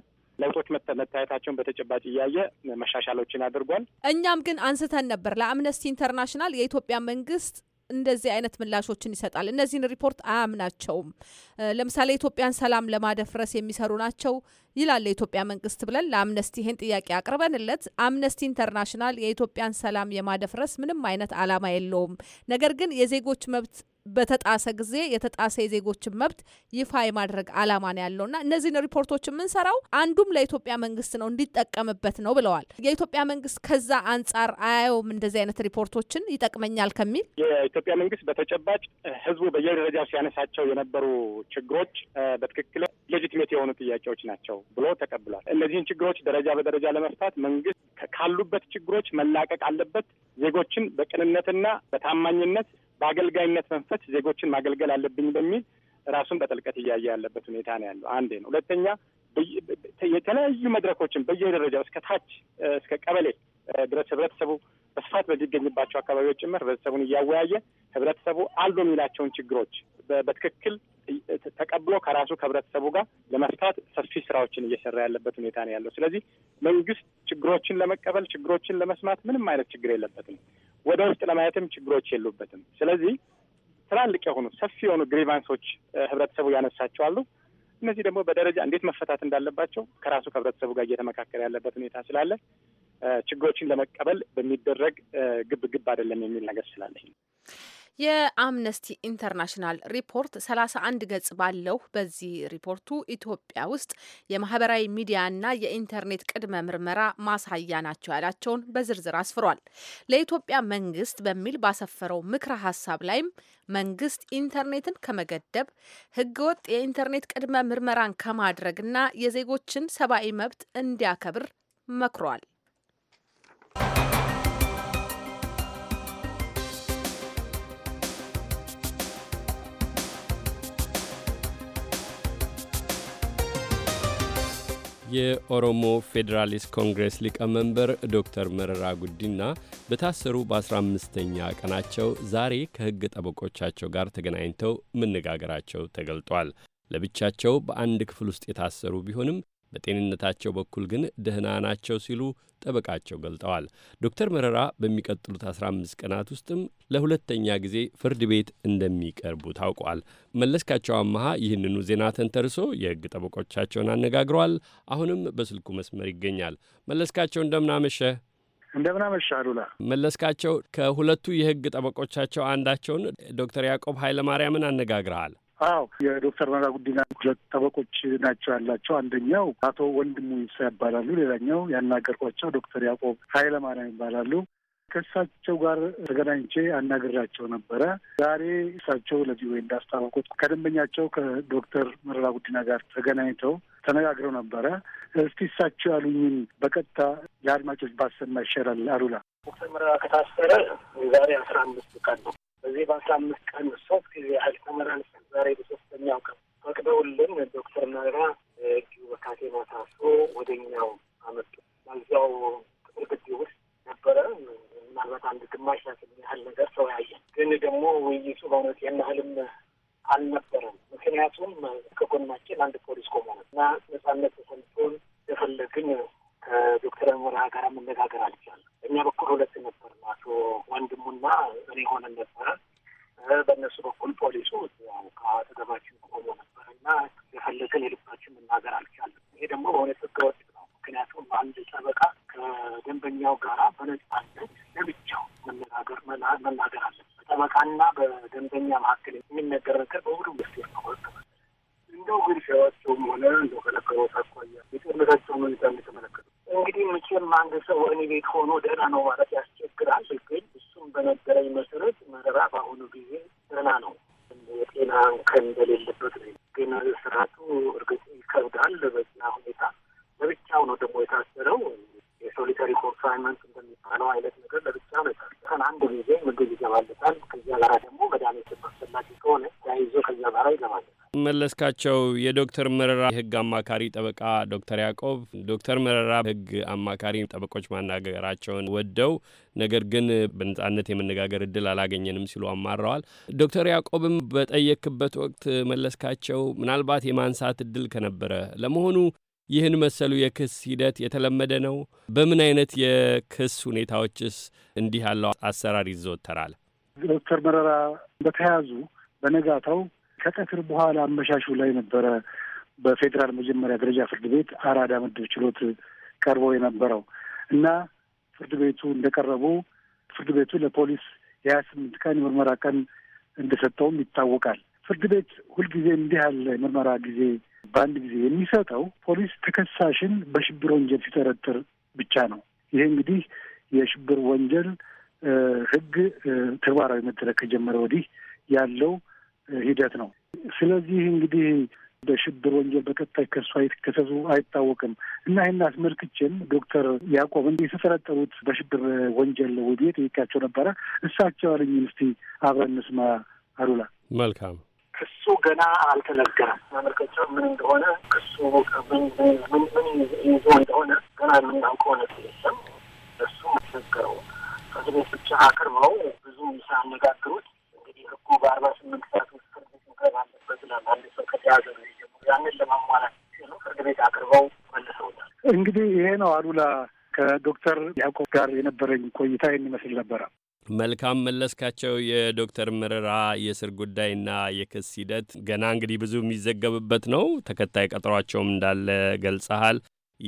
ለውጦች መታየታቸውን በተጨባጭ እያየ መሻሻሎችን አድርጓል። እኛም ግን አንስተን ነበር ለአምነስቲ ኢንተርናሽናል የኢትዮጵያ መንግስት እንደዚህ አይነት ምላሾችን ይሰጣል። እነዚህን ሪፖርት አያምናቸውም። ለምሳሌ የኢትዮጵያን ሰላም ለማደፍረስ የሚሰሩ ናቸው ይላል የኢትዮጵያ መንግስት ብለን ለአምነስቲ ይህን ጥያቄ አቅርበንለት አምነስቲ ኢንተርናሽናል የኢትዮጵያን ሰላም የማደፍረስ ምንም አይነት ዓላማ የለውም፣ ነገር ግን የዜጎች መብት በተጣሰ ጊዜ የተጣሰ የዜጎችን መብት ይፋ የማድረግ አላማ ነው ያለውና እነዚህን ሪፖርቶች የምንሰራው አንዱም ለኢትዮጵያ መንግስት ነው እንዲጠቀምበት ነው ብለዋል። የኢትዮጵያ መንግስት ከዛ አንጻር አያየውም እንደዚህ አይነት ሪፖርቶችን ይጠቅመኛል ከሚል የኢትዮጵያ መንግስት በተጨባጭ ህዝቡ በየደረጃው ሲያነሳቸው የነበሩ ችግሮች በትክክል ሌጂትሜት የሆኑ ጥያቄዎች ናቸው ብሎ ተቀብሏል። እነዚህን ችግሮች ደረጃ በደረጃ ለመፍታት መንግስት ካሉበት ችግሮች መላቀቅ አለበት፣ ዜጎችን በቅንነትና በታማኝነት በአገልጋይነት መንፈስ ዜጎችን ማገልገል አለብኝ በሚል ራሱን በጥልቀት እያየ ያለበት ሁኔታ ነው ያለው። አንዴ ነው። ሁለተኛ የተለያዩ መድረኮችን በየደረጃው እስከ ታች እስከ ቀበሌ ድረስ ህብረተሰቡ በስፋት በሚገኝባቸው አካባቢዎች ጭምር ህብረተሰቡን እያወያየ ህብረተሰቡ አሉ የሚላቸውን ችግሮች በትክክል ተቀብሎ ከራሱ ከህብረተሰቡ ጋር ለመፍታት ሰፊ ስራዎችን እየሰራ ያለበት ሁኔታ ነው ያለው። ስለዚህ መንግስት ችግሮችን ለመቀበል ችግሮችን ለመስማት ምንም አይነት ችግር የለበትም። ወደ ውስጥ ለማየትም ችግሮች የሉበትም። ስለዚህ ትላልቅ የሆኑ ሰፊ የሆኑ ግሪቫንሶች ህብረተሰቡ ያነሳቸው አሉ። እነዚህ ደግሞ በደረጃ እንዴት መፈታት እንዳለባቸው ከራሱ ከህብረተሰቡ ጋር እየተመካከለ ያለበት ሁኔታ ስላለ ችግሮችን ለመቀበል በሚደረግ ግብ ግብ አይደለም የሚል ነገር ስላለኝ የአምነስቲ ኢንተርናሽናል ሪፖርት 31 ገጽ ባለው በዚህ ሪፖርቱ ኢትዮጵያ ውስጥ የማህበራዊ ሚዲያና የኢንተርኔት ቅድመ ምርመራ ማሳያ ናቸው ያላቸውን በዝርዝር አስፍሯል። ለኢትዮጵያ መንግስት በሚል ባሰፈረው ምክረ ሀሳብ ላይም መንግስት ኢንተርኔትን ከመገደብ ህገወጥ የኢንተርኔት ቅድመ ምርመራን ከማድረግና የዜጎችን ሰብአዊ መብት እንዲያከብር መክሯል። የኦሮሞ ፌዴራሊስት ኮንግሬስ ሊቀመንበር ዶክተር መረራ ጉዲና በታሰሩ በ15ኛ ቀናቸው ዛሬ ከሕግ ጠበቆቻቸው ጋር ተገናኝተው መነጋገራቸው ተገልጧል። ለብቻቸው በአንድ ክፍል ውስጥ የታሰሩ ቢሆንም በጤንነታቸው በኩል ግን ደህና ናቸው ሲሉ ጠበቃቸው ገልጠዋል። ዶክተር መረራ በሚቀጥሉት 15 ቀናት ውስጥም ለሁለተኛ ጊዜ ፍርድ ቤት እንደሚቀርቡ ታውቋል። መለስካቸው አመሃ ይህንኑ ዜና ተንተርሶ የሕግ ጠበቆቻቸውን አነጋግረዋል። አሁንም በስልኩ መስመር ይገኛል። መለስካቸው እንደምናመሸ እንደምናመሻ አሉላ መለስካቸው፣ ከሁለቱ የህግ ጠበቆቻቸው አንዳቸውን ዶክተር ያዕቆብ ኃይለማርያምን አነጋግረሃል። አዎ የዶክተር መረራ ጉዲና ሁለት ጠበቆች ናቸው ያላቸው። አንደኛው አቶ ወንድሙ ይሳ ይባላሉ። ሌላኛው ያናገርኳቸው ዶክተር ያዕቆብ ኃይለማርያም ይባላሉ። ከእሳቸው ጋር ተገናኝቼ አናግራቸው ነበረ። ዛሬ እሳቸው ለዚህ ወይ እንዳስታወቁት ከደንበኛቸው ከዶክተር መረራ ጉዲና ጋር ተገናኝተው ተነጋግረው ነበረ። እስቲ እሳቸው ያሉኝን በቀጥታ ለአድማጮች ባሰማ ይሻላል። አሉላ ዶክተር መረራ ከታሰረ የዛሬ አስራ አምስት ቀን ነው። በዚህ በአስራ አምስት ቀን ሶስት ያነጋገርካቸው የዶክተር መረራ የህግ አማካሪ ጠበቃ ዶክተር ያዕቆብ ዶክተር መረራ ህግ አማካሪ ጠበቆች ማናገራቸውን ወደው ነገር ግን በነጻነት የመነጋገር እድል አላገኘንም ሲሉ አማረዋል። ዶክተር ያዕቆብም በጠየክበት ወቅት መለስካቸው ምናልባት የማንሳት እድል ከነበረ ለመሆኑ ይህን መሰሉ የክስ ሂደት የተለመደ ነው? በምን አይነት የክስ ሁኔታዎችስ እንዲህ ያለው አሰራር ይዘወተራል? ዶክተር መረራ በተያዙ በነጋታው ከቀትር በኋላ አመሻሹ ላይ ነበረ በፌዴራል መጀመሪያ ደረጃ ፍርድ ቤት አራዳ ምድብ ችሎት ቀርቦ የነበረው እና ፍርድ ቤቱ እንደቀረቡ ፍርድ ቤቱ ለፖሊስ የሀያ ስምንት ቀን የምርመራ ቀን እንደሰጠውም ይታወቃል። ፍርድ ቤት ሁልጊዜ እንዲህ ያለ የምርመራ ጊዜ በአንድ ጊዜ የሚሰጠው ፖሊስ ተከሳሽን በሽብር ወንጀል ሲጠረጥር ብቻ ነው። ይህ እንግዲህ የሽብር ወንጀል ሕግ ተግባራዊ መደረግ ከጀመረ ወዲህ ያለው ሂደት ነው። ስለዚህ እንግዲህ በሽብር ወንጀል በቀጣይ ከሱ አይከሰሱ አይታወቅም እና ይህን አስመልክቼም ዶክተር ያዕቆብ ያዕቆብን የተጠረጠሩት በሽብር ወንጀል ወዲ ጠይቄያቸው ነበረ። እሳቸው አለኝ እስቲ አብረን እንስማ አሉላ። መልካም ክሱ ገና አልተነገረም። ማመልከቻው ምን እንደሆነ ክሱ ምን ምን ይዞ እንደሆነ ገና የምናውቀው ነገር የለም። እሱ ነገረው ፍርድ ቤት ብቻ አቅርበው ብዙ ሳያነጋግሩት ህጉ በአርባ ስምንት ሰዓት ውስጥ ፍርድ ቤት መቅረብ አለበት ላል አንድ ሰው ከተያዘ ጊዜ ጀምሮ ያንን ለማሟላት ሲሉ ፍርድ ቤት አቅርበው መልሰውታል። እንግዲህ ይሄ ነው አሉላ። ከዶክተር ያዕቆብ ጋር የነበረኝ ቆይታ የሚመስል ነበረ። መልካም መለስካቸው። የዶክተር መረራ የእስር ጉዳይና የክስ ሂደት ገና እንግዲህ ብዙ የሚዘገብበት ነው። ተከታይ ቀጠሯቸውም እንዳለ ገልጸሃል።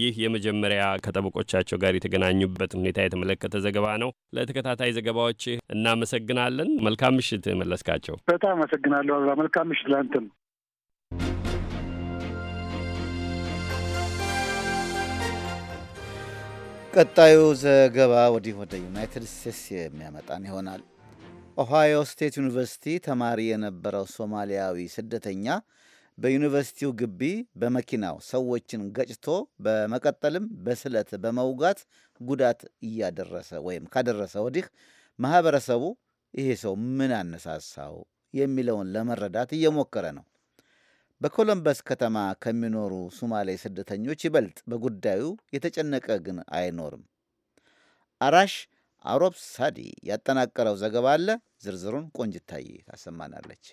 ይህ የመጀመሪያ ከጠበቆቻቸው ጋር የተገናኙበት ሁኔታ የተመለከተ ዘገባ ነው። ለተከታታይ ዘገባዎች እናመሰግናለን። መልካም ምሽት መለስካቸው። በጣም አመሰግናለሁ አሉላ። መልካም ምሽት ለአንተም። ቀጣዩ ዘገባ ወዲህ ወደ ዩናይትድ ስቴትስ የሚያመጣን ይሆናል። ኦሃዮ ስቴት ዩኒቨርሲቲ ተማሪ የነበረው ሶማሊያዊ ስደተኛ በዩኒቨርሲቲው ግቢ በመኪናው ሰዎችን ገጭቶ በመቀጠልም በስለት በመውጋት ጉዳት እያደረሰ ወይም ካደረሰ ወዲህ ማህበረሰቡ ይሄ ሰው ምን አነሳሳው የሚለውን ለመረዳት እየሞከረ ነው። በኮሎምበስ ከተማ ከሚኖሩ ሱማሌ ስደተኞች ይበልጥ በጉዳዩ የተጨነቀ ግን አይኖርም። አራሽ አሮብ ሳዲ ያጠናቀረው ዘገባ አለ። ዝርዝሩን ቆንጅታዬ ታሰማናለች።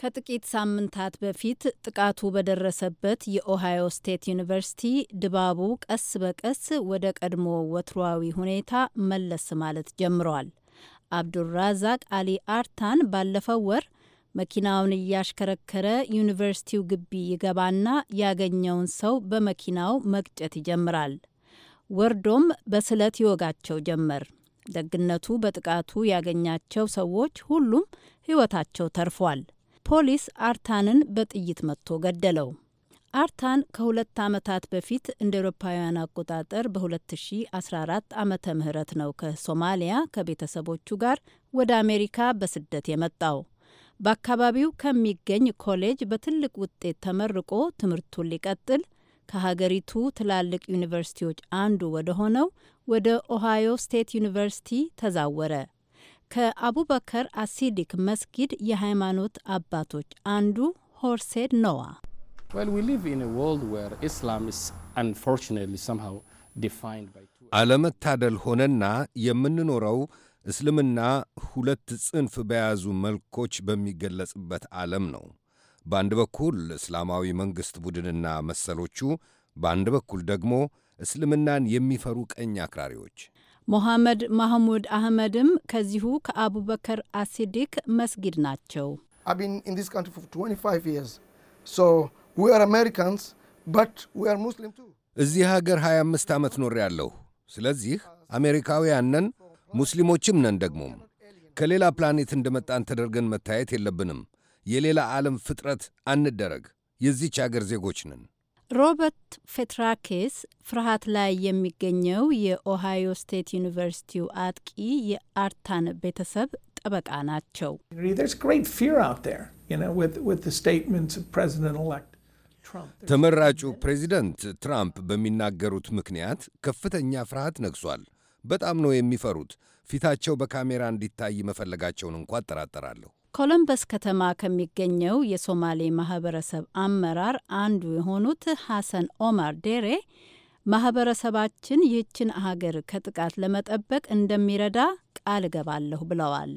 ከጥቂት ሳምንታት በፊት ጥቃቱ በደረሰበት የኦሃዮ ስቴት ዩኒቨርሲቲ ድባቡ ቀስ በቀስ ወደ ቀድሞ ወትሯዊ ሁኔታ መለስ ማለት ጀምሯል። አብዱራዛቅ አሊ አርታን ባለፈው ወር መኪናውን እያሽከረከረ ዩኒቨርሲቲው ግቢ ይገባና ያገኘውን ሰው በመኪናው መግጨት ይጀምራል። ወርዶም በስለት ይወጋቸው ጀመር። ደግነቱ በጥቃቱ ያገኛቸው ሰዎች ሁሉም ሕይወታቸው ተርፏል። ፖሊስ አርታንን በጥይት መጥቶ ገደለው። አርታን ከሁለት ዓመታት በፊት እንደ ኤሮፓውያን አቆጣጠር በ2014 ዓመተ ምህረት ነው ከሶማሊያ ከቤተሰቦቹ ጋር ወደ አሜሪካ በስደት የመጣው። በአካባቢው ከሚገኝ ኮሌጅ በትልቅ ውጤት ተመርቆ ትምህርቱን ሊቀጥል ከሀገሪቱ ትላልቅ ዩኒቨርሲቲዎች አንዱ ወደ ሆነው ወደ ኦሃዮ ስቴት ዩኒቨርሲቲ ተዛወረ። ከአቡበከር አሲዲክ መስጊድ የሃይማኖት አባቶች አንዱ ሆርሴድ ነዋ። አለመታደል ሆነና የምንኖረው እስልምና ሁለት ጽንፍ በያዙ መልኮች በሚገለጽበት ዓለም ነው። በአንድ በኩል እስላማዊ መንግሥት ቡድንና መሰሎቹ፣ በአንድ በኩል ደግሞ እስልምናን የሚፈሩ ቀኝ አክራሪዎች ሞሐመድ ማህሙድ አህመድም ከዚሁ ከአቡበከር አሲዲክ መስጊድ ናቸው። እዚህ ሀገር 25 ዓመት ኖሬ ያለሁ። ስለዚህ አሜሪካውያን ነን፣ ሙስሊሞችም ነን። ደግሞም ከሌላ ፕላኔት እንደመጣን ተደርገን መታየት የለብንም። የሌላ ዓለም ፍጥረት አንደረግ። የዚች አገር ዜጎች ነን። ሮበርት ፌትራኬስ ፍርሃት ላይ የሚገኘው የኦሃዮ ስቴት ዩኒቨርሲቲው አጥቂ የአርታን ቤተሰብ ጠበቃ ናቸው። ተመራጩ ፕሬዚደንት ትራምፕ በሚናገሩት ምክንያት ከፍተኛ ፍርሃት ነግሷል። በጣም ነው የሚፈሩት። ፊታቸው በካሜራ እንዲታይ መፈለጋቸውን እንኳ አጠራጠራለሁ። ኮሎምበስ ከተማ ከሚገኘው የሶማሌ ማህበረሰብ አመራር አንዱ የሆኑት ሐሰን ኦማር ዴሬ ማህበረሰባችን ይህችን ሀገር ከጥቃት ለመጠበቅ እንደሚረዳ ቃል እገባለሁ ብለዋል።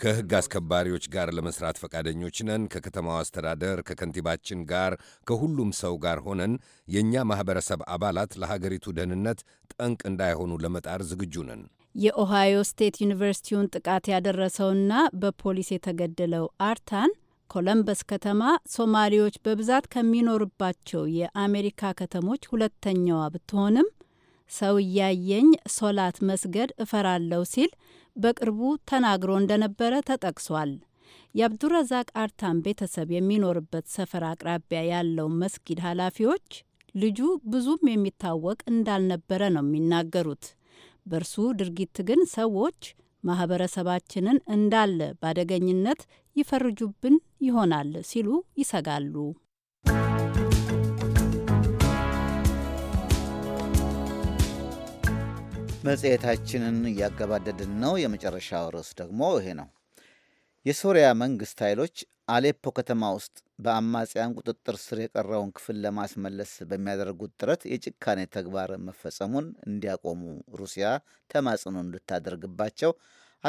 ከህግ አስከባሪዎች ጋር ለመስራት ፈቃደኞች ነን። ከከተማው አስተዳደር፣ ከከንቲባችን ጋር፣ ከሁሉም ሰው ጋር ሆነን የእኛ ማኅበረሰብ አባላት ለሀገሪቱ ደህንነት ጠንቅ እንዳይሆኑ ለመጣር ዝግጁ ነን። የኦሃዮ ስቴት ዩኒቨርሲቲውን ጥቃት ያደረሰውና በፖሊስ የተገደለው አርታን ኮለምበስ ከተማ ሶማሌዎች በብዛት ከሚኖርባቸው የአሜሪካ ከተሞች ሁለተኛዋ ብትሆንም ሰው እያየኝ ሶላት መስገድ እፈራለሁ ሲል በቅርቡ ተናግሮ እንደነበረ ተጠቅሷል። የአብዱረዛቅ አርታን ቤተሰብ የሚኖርበት ሰፈር አቅራቢያ ያለው መስጊድ ኃላፊዎች ልጁ ብዙም የሚታወቅ እንዳልነበረ ነው የሚናገሩት። በእርሱ ድርጊት ግን ሰዎች ማህበረሰባችንን እንዳለ ባደገኝነት ይፈርጁብን ይሆናል ሲሉ ይሰጋሉ። መጽሔታችንን እያገባደድን ነው። የመጨረሻው ርዕስ ደግሞ ይሄ ነው። የሶሪያ መንግስት ኃይሎች አሌፖ ከተማ ውስጥ በአማጽያን ቁጥጥር ስር የቀረውን ክፍል ለማስመለስ በሚያደርጉት ጥረት የጭካኔ ተግባር መፈጸሙን እንዲያቆሙ ሩሲያ ተማጽኖ እንድታደርግባቸው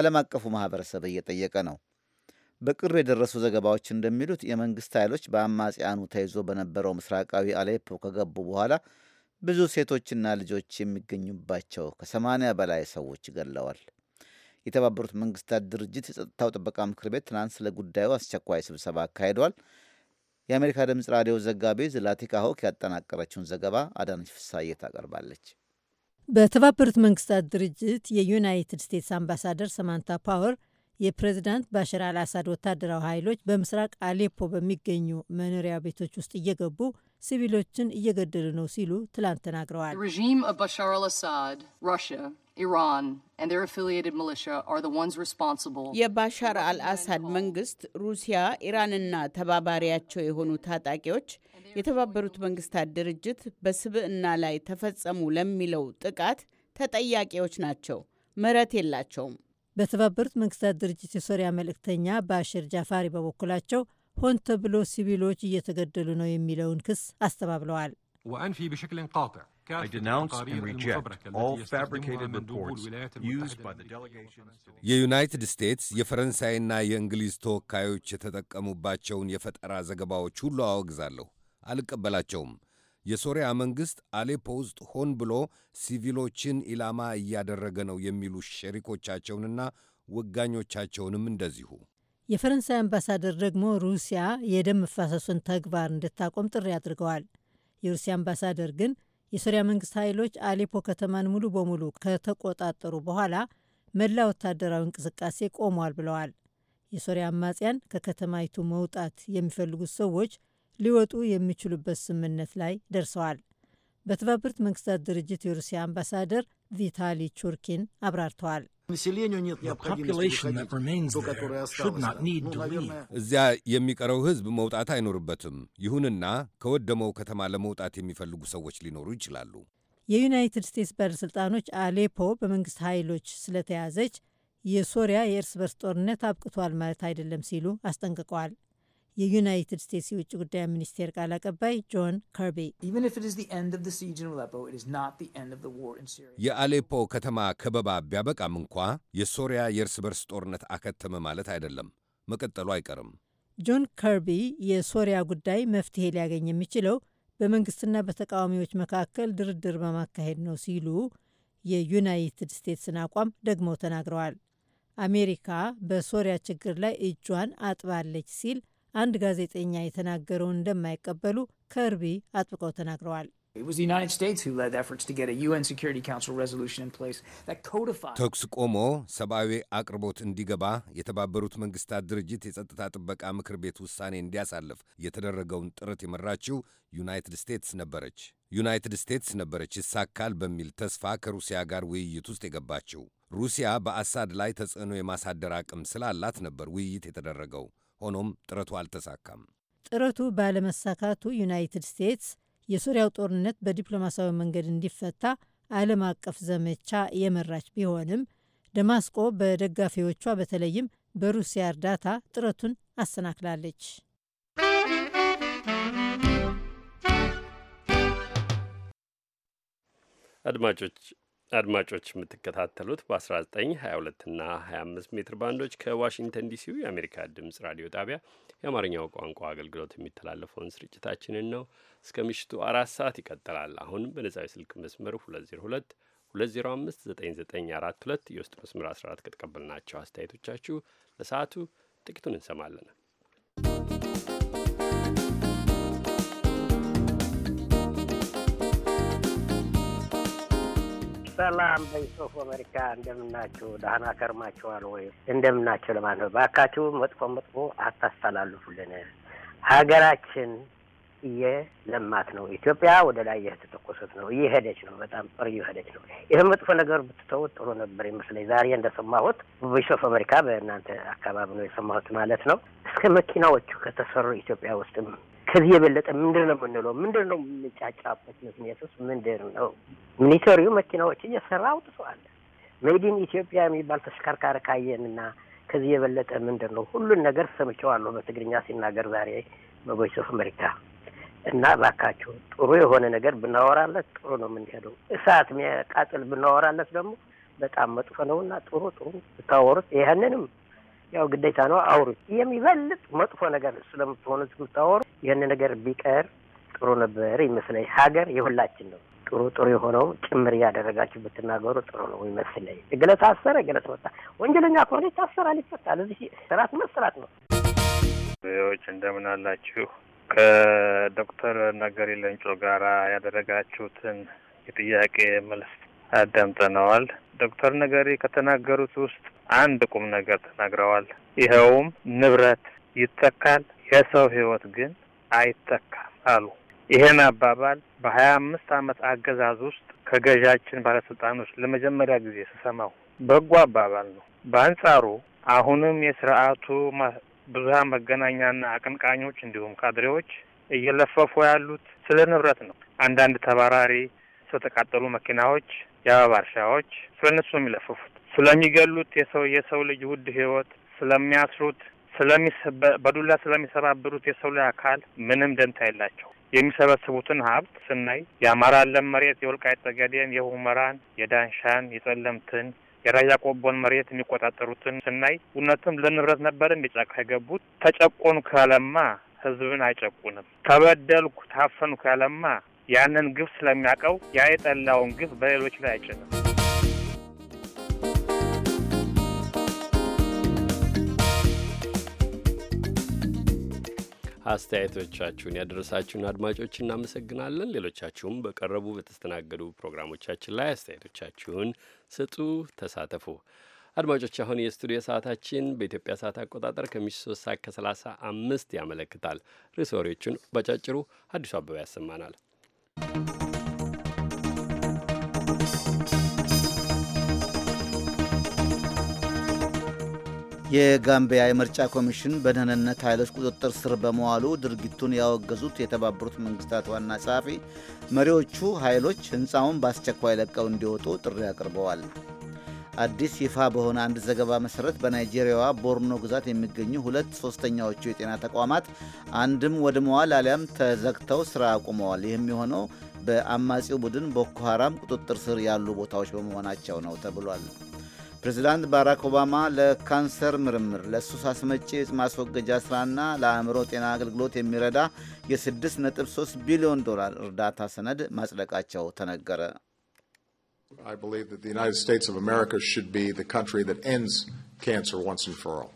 ዓለም አቀፉ ማህበረሰብ እየጠየቀ ነው። በቅርብ የደረሱ ዘገባዎች እንደሚሉት የመንግስት ኃይሎች በአማጽያኑ ተይዞ በነበረው ምስራቃዊ አሌፖ ከገቡ በኋላ ብዙ ሴቶችና ልጆች የሚገኙባቸው ከሰማንያ በላይ ሰዎች ገለዋል። የተባበሩት መንግስታት ድርጅት የጸጥታው ጥበቃ ምክር ቤት ትናንት ስለ ጉዳዩ አስቸኳይ ስብሰባ አካሂዷል። የአሜሪካ ድምፅ ራዲዮ ዘጋቢ ዝላቲካ ሆክ ያጠናቀረችውን ዘገባ አዳነች ፍሳዬ ታቀርባለች። በተባበሩት መንግስታት ድርጅት የዩናይትድ ስቴትስ አምባሳደር ሰማንታ ፓወር የፕሬዚዳንት ባሻር አልአሳድ ወታደራዊ ኃይሎች በምስራቅ አሌፖ በሚገኙ መኖሪያ ቤቶች ውስጥ እየገቡ ሲቪሎችን እየገደሉ ነው ሲሉ ትላንት ተናግረዋል። የባሻር አልአሳድ መንግስት ሩሲያ፣ ኢራንና ተባባሪያቸው የሆኑ ታጣቂዎች የተባበሩት መንግስታት ድርጅት በስብዕና ላይ ተፈጸሙ ለሚለው ጥቃት ተጠያቂዎች ናቸው፣ ምህረት የላቸውም። በተባበሩት መንግስታት ድርጅት የሶሪያ መልእክተኛ ባሽር ጃፋሪ በበኩላቸው ሆን ተብሎ ሲቪሎች እየተገደሉ ነው የሚለውን ክስ አስተባብለዋል። የዩናይትድ ስቴትስ የፈረንሳይና የእንግሊዝ ተወካዮች የተጠቀሙባቸውን የፈጠራ ዘገባዎች ሁሉ አወግዛለሁ፣ አልቀበላቸውም። የሶሪያ መንግሥት አሌፖ ውስጥ ሆን ብሎ ሲቪሎችን ኢላማ እያደረገ ነው የሚሉ ሸሪኮቻቸውንና ወጋኞቻቸውንም እንደዚሁ የፈረንሳይ አምባሳደር ደግሞ ሩሲያ የደም መፋሰሱን ተግባር እንድታቆም ጥሪ አድርገዋል። የሩሲያ አምባሳደር ግን የሶሪያ መንግስት ኃይሎች አሌፖ ከተማን ሙሉ በሙሉ ከተቆጣጠሩ በኋላ መላ ወታደራዊ እንቅስቃሴ ቆሟል ብለዋል። የሶሪያ አማጽያን ከከተማይቱ መውጣት የሚፈልጉት ሰዎች ሊወጡ የሚችሉበት ስምምነት ላይ ደርሰዋል። በተባበሩት መንግስታት ድርጅት የሩሲያ አምባሳደር ቪታሊ ቹርኪን አብራርተዋል። እዚያ የሚቀረው ህዝብ መውጣት አይኖርበትም። ይሁንና ከወደመው ከተማ ለመውጣት የሚፈልጉ ሰዎች ሊኖሩ ይችላሉ። የዩናይትድ ስቴትስ ባለሥልጣኖች አሌፖ በመንግሥት ኃይሎች ስለተያዘች የሶሪያ የእርስ በርስ ጦርነት አብቅቷል ማለት አይደለም ሲሉ አስጠንቅቀዋል። የዩናይትድ ስቴትስ የውጭ ጉዳይ ሚኒስቴር ቃል አቀባይ ጆን ከርቢ የአሌፖ ከተማ ከበባ ቢያበቃም እንኳ የሶሪያ የእርስ በርስ ጦርነት አከተመ ማለት አይደለም፣ መቀጠሉ አይቀርም። ጆን ከርቢ የሶሪያ ጉዳይ መፍትሄ ሊያገኝ የሚችለው በመንግስትና በተቃዋሚዎች መካከል ድርድር በማካሄድ ነው ሲሉ የዩናይትድ ስቴትስን አቋም ደግሞ ተናግረዋል። አሜሪካ በሶሪያ ችግር ላይ እጇን አጥባለች ሲል አንድ ጋዜጠኛ የተናገረውን እንደማይቀበሉ ከርቢ አጥብቀው ተናግረዋል። ተኩስ ቆሞ ሰብአዊ አቅርቦት እንዲገባ የተባበሩት መንግስታት ድርጅት የጸጥታ ጥበቃ ምክር ቤት ውሳኔ እንዲያሳልፍ የተደረገውን ጥረት የመራችው ዩናይትድ ስቴትስ ነበረች። ዩናይትድ ስቴትስ ነበረች ይሳካል በሚል ተስፋ ከሩሲያ ጋር ውይይት ውስጥ የገባችው። ሩሲያ በአሳድ ላይ ተጽዕኖ የማሳደር አቅም ስላላት ነበር ውይይት የተደረገው። ሆኖም ጥረቱ አልተሳካም። ጥረቱ ባለመሳካቱ ዩናይትድ ስቴትስ የሶሪያው ጦርነት በዲፕሎማሲያዊ መንገድ እንዲፈታ ዓለም አቀፍ ዘመቻ የመራች ቢሆንም ደማስቆ በደጋፊዎቿ በተለይም በሩሲያ እርዳታ ጥረቱን አሰናክላለች። አድማጮች አድማጮች የምትከታተሉት በ1922 እና 25 ሜትር ባንዶች ከዋሽንግተን ዲሲው የአሜሪካ ድምፅ ራዲዮ ጣቢያ የአማርኛው ቋንቋ አገልግሎት የሚተላለፈውን ስርጭታችንን ነው። እስከ ምሽቱ አራት ሰዓት ይቀጥላል። አሁን በነጻው ስልክ መስመር 202 205 9942 የውስጥ መስመር 14 ከተቀበልናቸው አስተያየቶቻችሁ ለሰዓቱ ጥቂቱን እንሰማለን። ሰላም ቮይስ ኦፍ አሜሪካ እንደምናችሁ፣ ደህና ከርማችኋል ወይ? እንደምናችሁ ለማለት ነው። ባካችሁ መጥፎ መጥፎ አታስተላልፉልን። ሀገራችን እየለማት ነው። ኢትዮጵያ ወደ ላይ እየተተኮሰት ነው፣ እየሄደች ነው። በጣም ጥሩ እየሄደች ነው። ይህ መጥፎ ነገር ብትተውት ጥሩ ነበር ይመስለኝ። ዛሬ እንደሰማሁት ቮይስ ኦፍ አሜሪካ በእናንተ አካባቢ ነው የሰማሁት ማለት ነው። እስከ መኪናዎቹ ከተሰሩ ኢትዮጵያ ውስጥም ከዚህ የበለጠ ምንድን ነው የምንለው? ምንድን ነው የምንጫጫበት ውስጥ ምንድን ነው? ሚኒተሪው መኪናዎች እየሰራ አውጥተዋል። ሜዲን ኢትዮጵያ የሚባል ተሽከርካሪ ካየንና ከዚህ የበለጠ ምንድን ነው? ሁሉን ነገር ሰምቸዋለሁ በትግርኛ ሲናገር ዛሬ በቮይስ ኦፍ አሜሪካ እና እባካችሁ ጥሩ የሆነ ነገር ብናወራለት ጥሩ ነው የምንሄደው። እሳት የሚያቃጥል ብናወራለት ደግሞ በጣም መጥፎ እና ጥሩ ጥሩ ብታወሩት ይህንንም ያው ግዴታ ነው አውሩ። የሚበልጥ መጥፎ ነገር ስለምትሆኑ ስታወሩ ይህን ነገር ቢቀር ጥሩ ነበር ይመስለኝ። ሀገር የሁላችን ነው። ጥሩ ጥሩ የሆነው ጭምር እያደረጋችሁ ብትናገሩ ጥሩ ነው ይመስለኝ። እግለ ታሰረ፣ እግለ ተወጣ። ወንጀለኛ ከሆነ ይታሰራል፣ ይፈታል። እዚህ ስራት መስራት ነው። ዎች እንደምን አላችሁ? ከዶክተር ነገሪ ለንጮ ጋራ ያደረጋችሁትን የጥያቄ መልስ አዳምጠነዋል። ዶክተር ነገሪ ከተናገሩት ውስጥ አንድ ቁም ነገር ተናግረዋል። ይኸውም ንብረት ይተካል፣ የሰው ህይወት ግን አይተካም አሉ። ይሄን አባባል በሀያ አምስት አመት አገዛዝ ውስጥ ከገዣችን ባለስልጣኖች ለመጀመሪያ ጊዜ ስሰማው በጎ አባባል ነው። በአንጻሩ አሁንም የስርዓቱ ብዙሀን መገናኛና አቀንቃኞች እንዲሁም ካድሬዎች እየለፈፉ ያሉት ስለ ንብረት ነው። አንዳንድ ተባራሪ ስለተቃጠሉ መኪናዎች፣ የአበባ እርሻዎች ስለ እነሱ ነው የሚለፍፉት። ስለሚገሉት የሰው የሰው ልጅ ውድ ህይወት ስለሚያስሩት በዱላ ስለሚሰባብሩት የሰው ልጅ አካል ምንም ደንታ የላቸው። የሚሰበስቡትን ሀብት ስናይ የአማራ ለም መሬት የወልቃይት ጠገዴን፣ የሁመራን፣ የዳንሻን፣ የጸለምትን የራያ ቆቦን መሬት የሚቆጣጠሩትን ስናይ እውነትም ለንብረት ነበር እንደ ጫካ የገቡት። ተጨቆኑ ያለማ ህዝብን አይጨቁንም። ተበደልኩ ታፈኑ ያለማ ያንን ግፍ ስለሚያውቀው ያ የጠላውን ግፍ በሌሎች ላይ አይጭንም። አስተያየቶቻችሁን ያደረሳችሁን አድማጮች እናመሰግናለን። ሌሎቻችሁም በቀረቡ በተስተናገዱ ፕሮግራሞቻችን ላይ አስተያየቶቻችሁን ስጡ፣ ተሳተፉ። አድማጮች አሁን የስቱዲዮ ሰዓታችን በኢትዮጵያ ሰዓት አቆጣጠር ከምሽቱ ሶስት ሰዓት ከሰላሳ አምስት ያመለክታል። ርዕሰ ወሬዎቹን በጫጭሩ አዲሱ አበባ ያሰማናል። የጋምቢያ የምርጫ ኮሚሽን በደህንነት ኃይሎች ቁጥጥር ስር በመዋሉ ድርጊቱን ያወገዙት የተባበሩት መንግስታት ዋና ጸሐፊ መሪዎቹ ኃይሎች ሕንፃውን በአስቸኳይ ለቀው እንዲወጡ ጥሪ አቅርበዋል። አዲስ ይፋ በሆነ አንድ ዘገባ መሰረት በናይጄሪያዋ ቦርኖ ግዛት የሚገኙ ሁለት ሶስተኛዎቹ የጤና ተቋማት አንድም ወድመዋል አሊያም ተዘግተው ስራ አቁመዋል። ይህም የሆነው በአማጺው ቡድን ቦኮ ቁጥጥር ስር ያሉ ቦታዎች በመሆናቸው ነው ተብሏል። ፕሬዚዳንት ባራክ ኦባማ ለካንሰር ምርምር፣ ለሱስ አስመጪ ማስወገጃ ስራና ለአእምሮ ጤና አገልግሎት የሚረዳ የ6.3 ቢሊዮን ዶላር እርዳታ ሰነድ ማጽደቃቸው ተነገረ። I believe that the United States of America should be the country that ends cancer once and for all.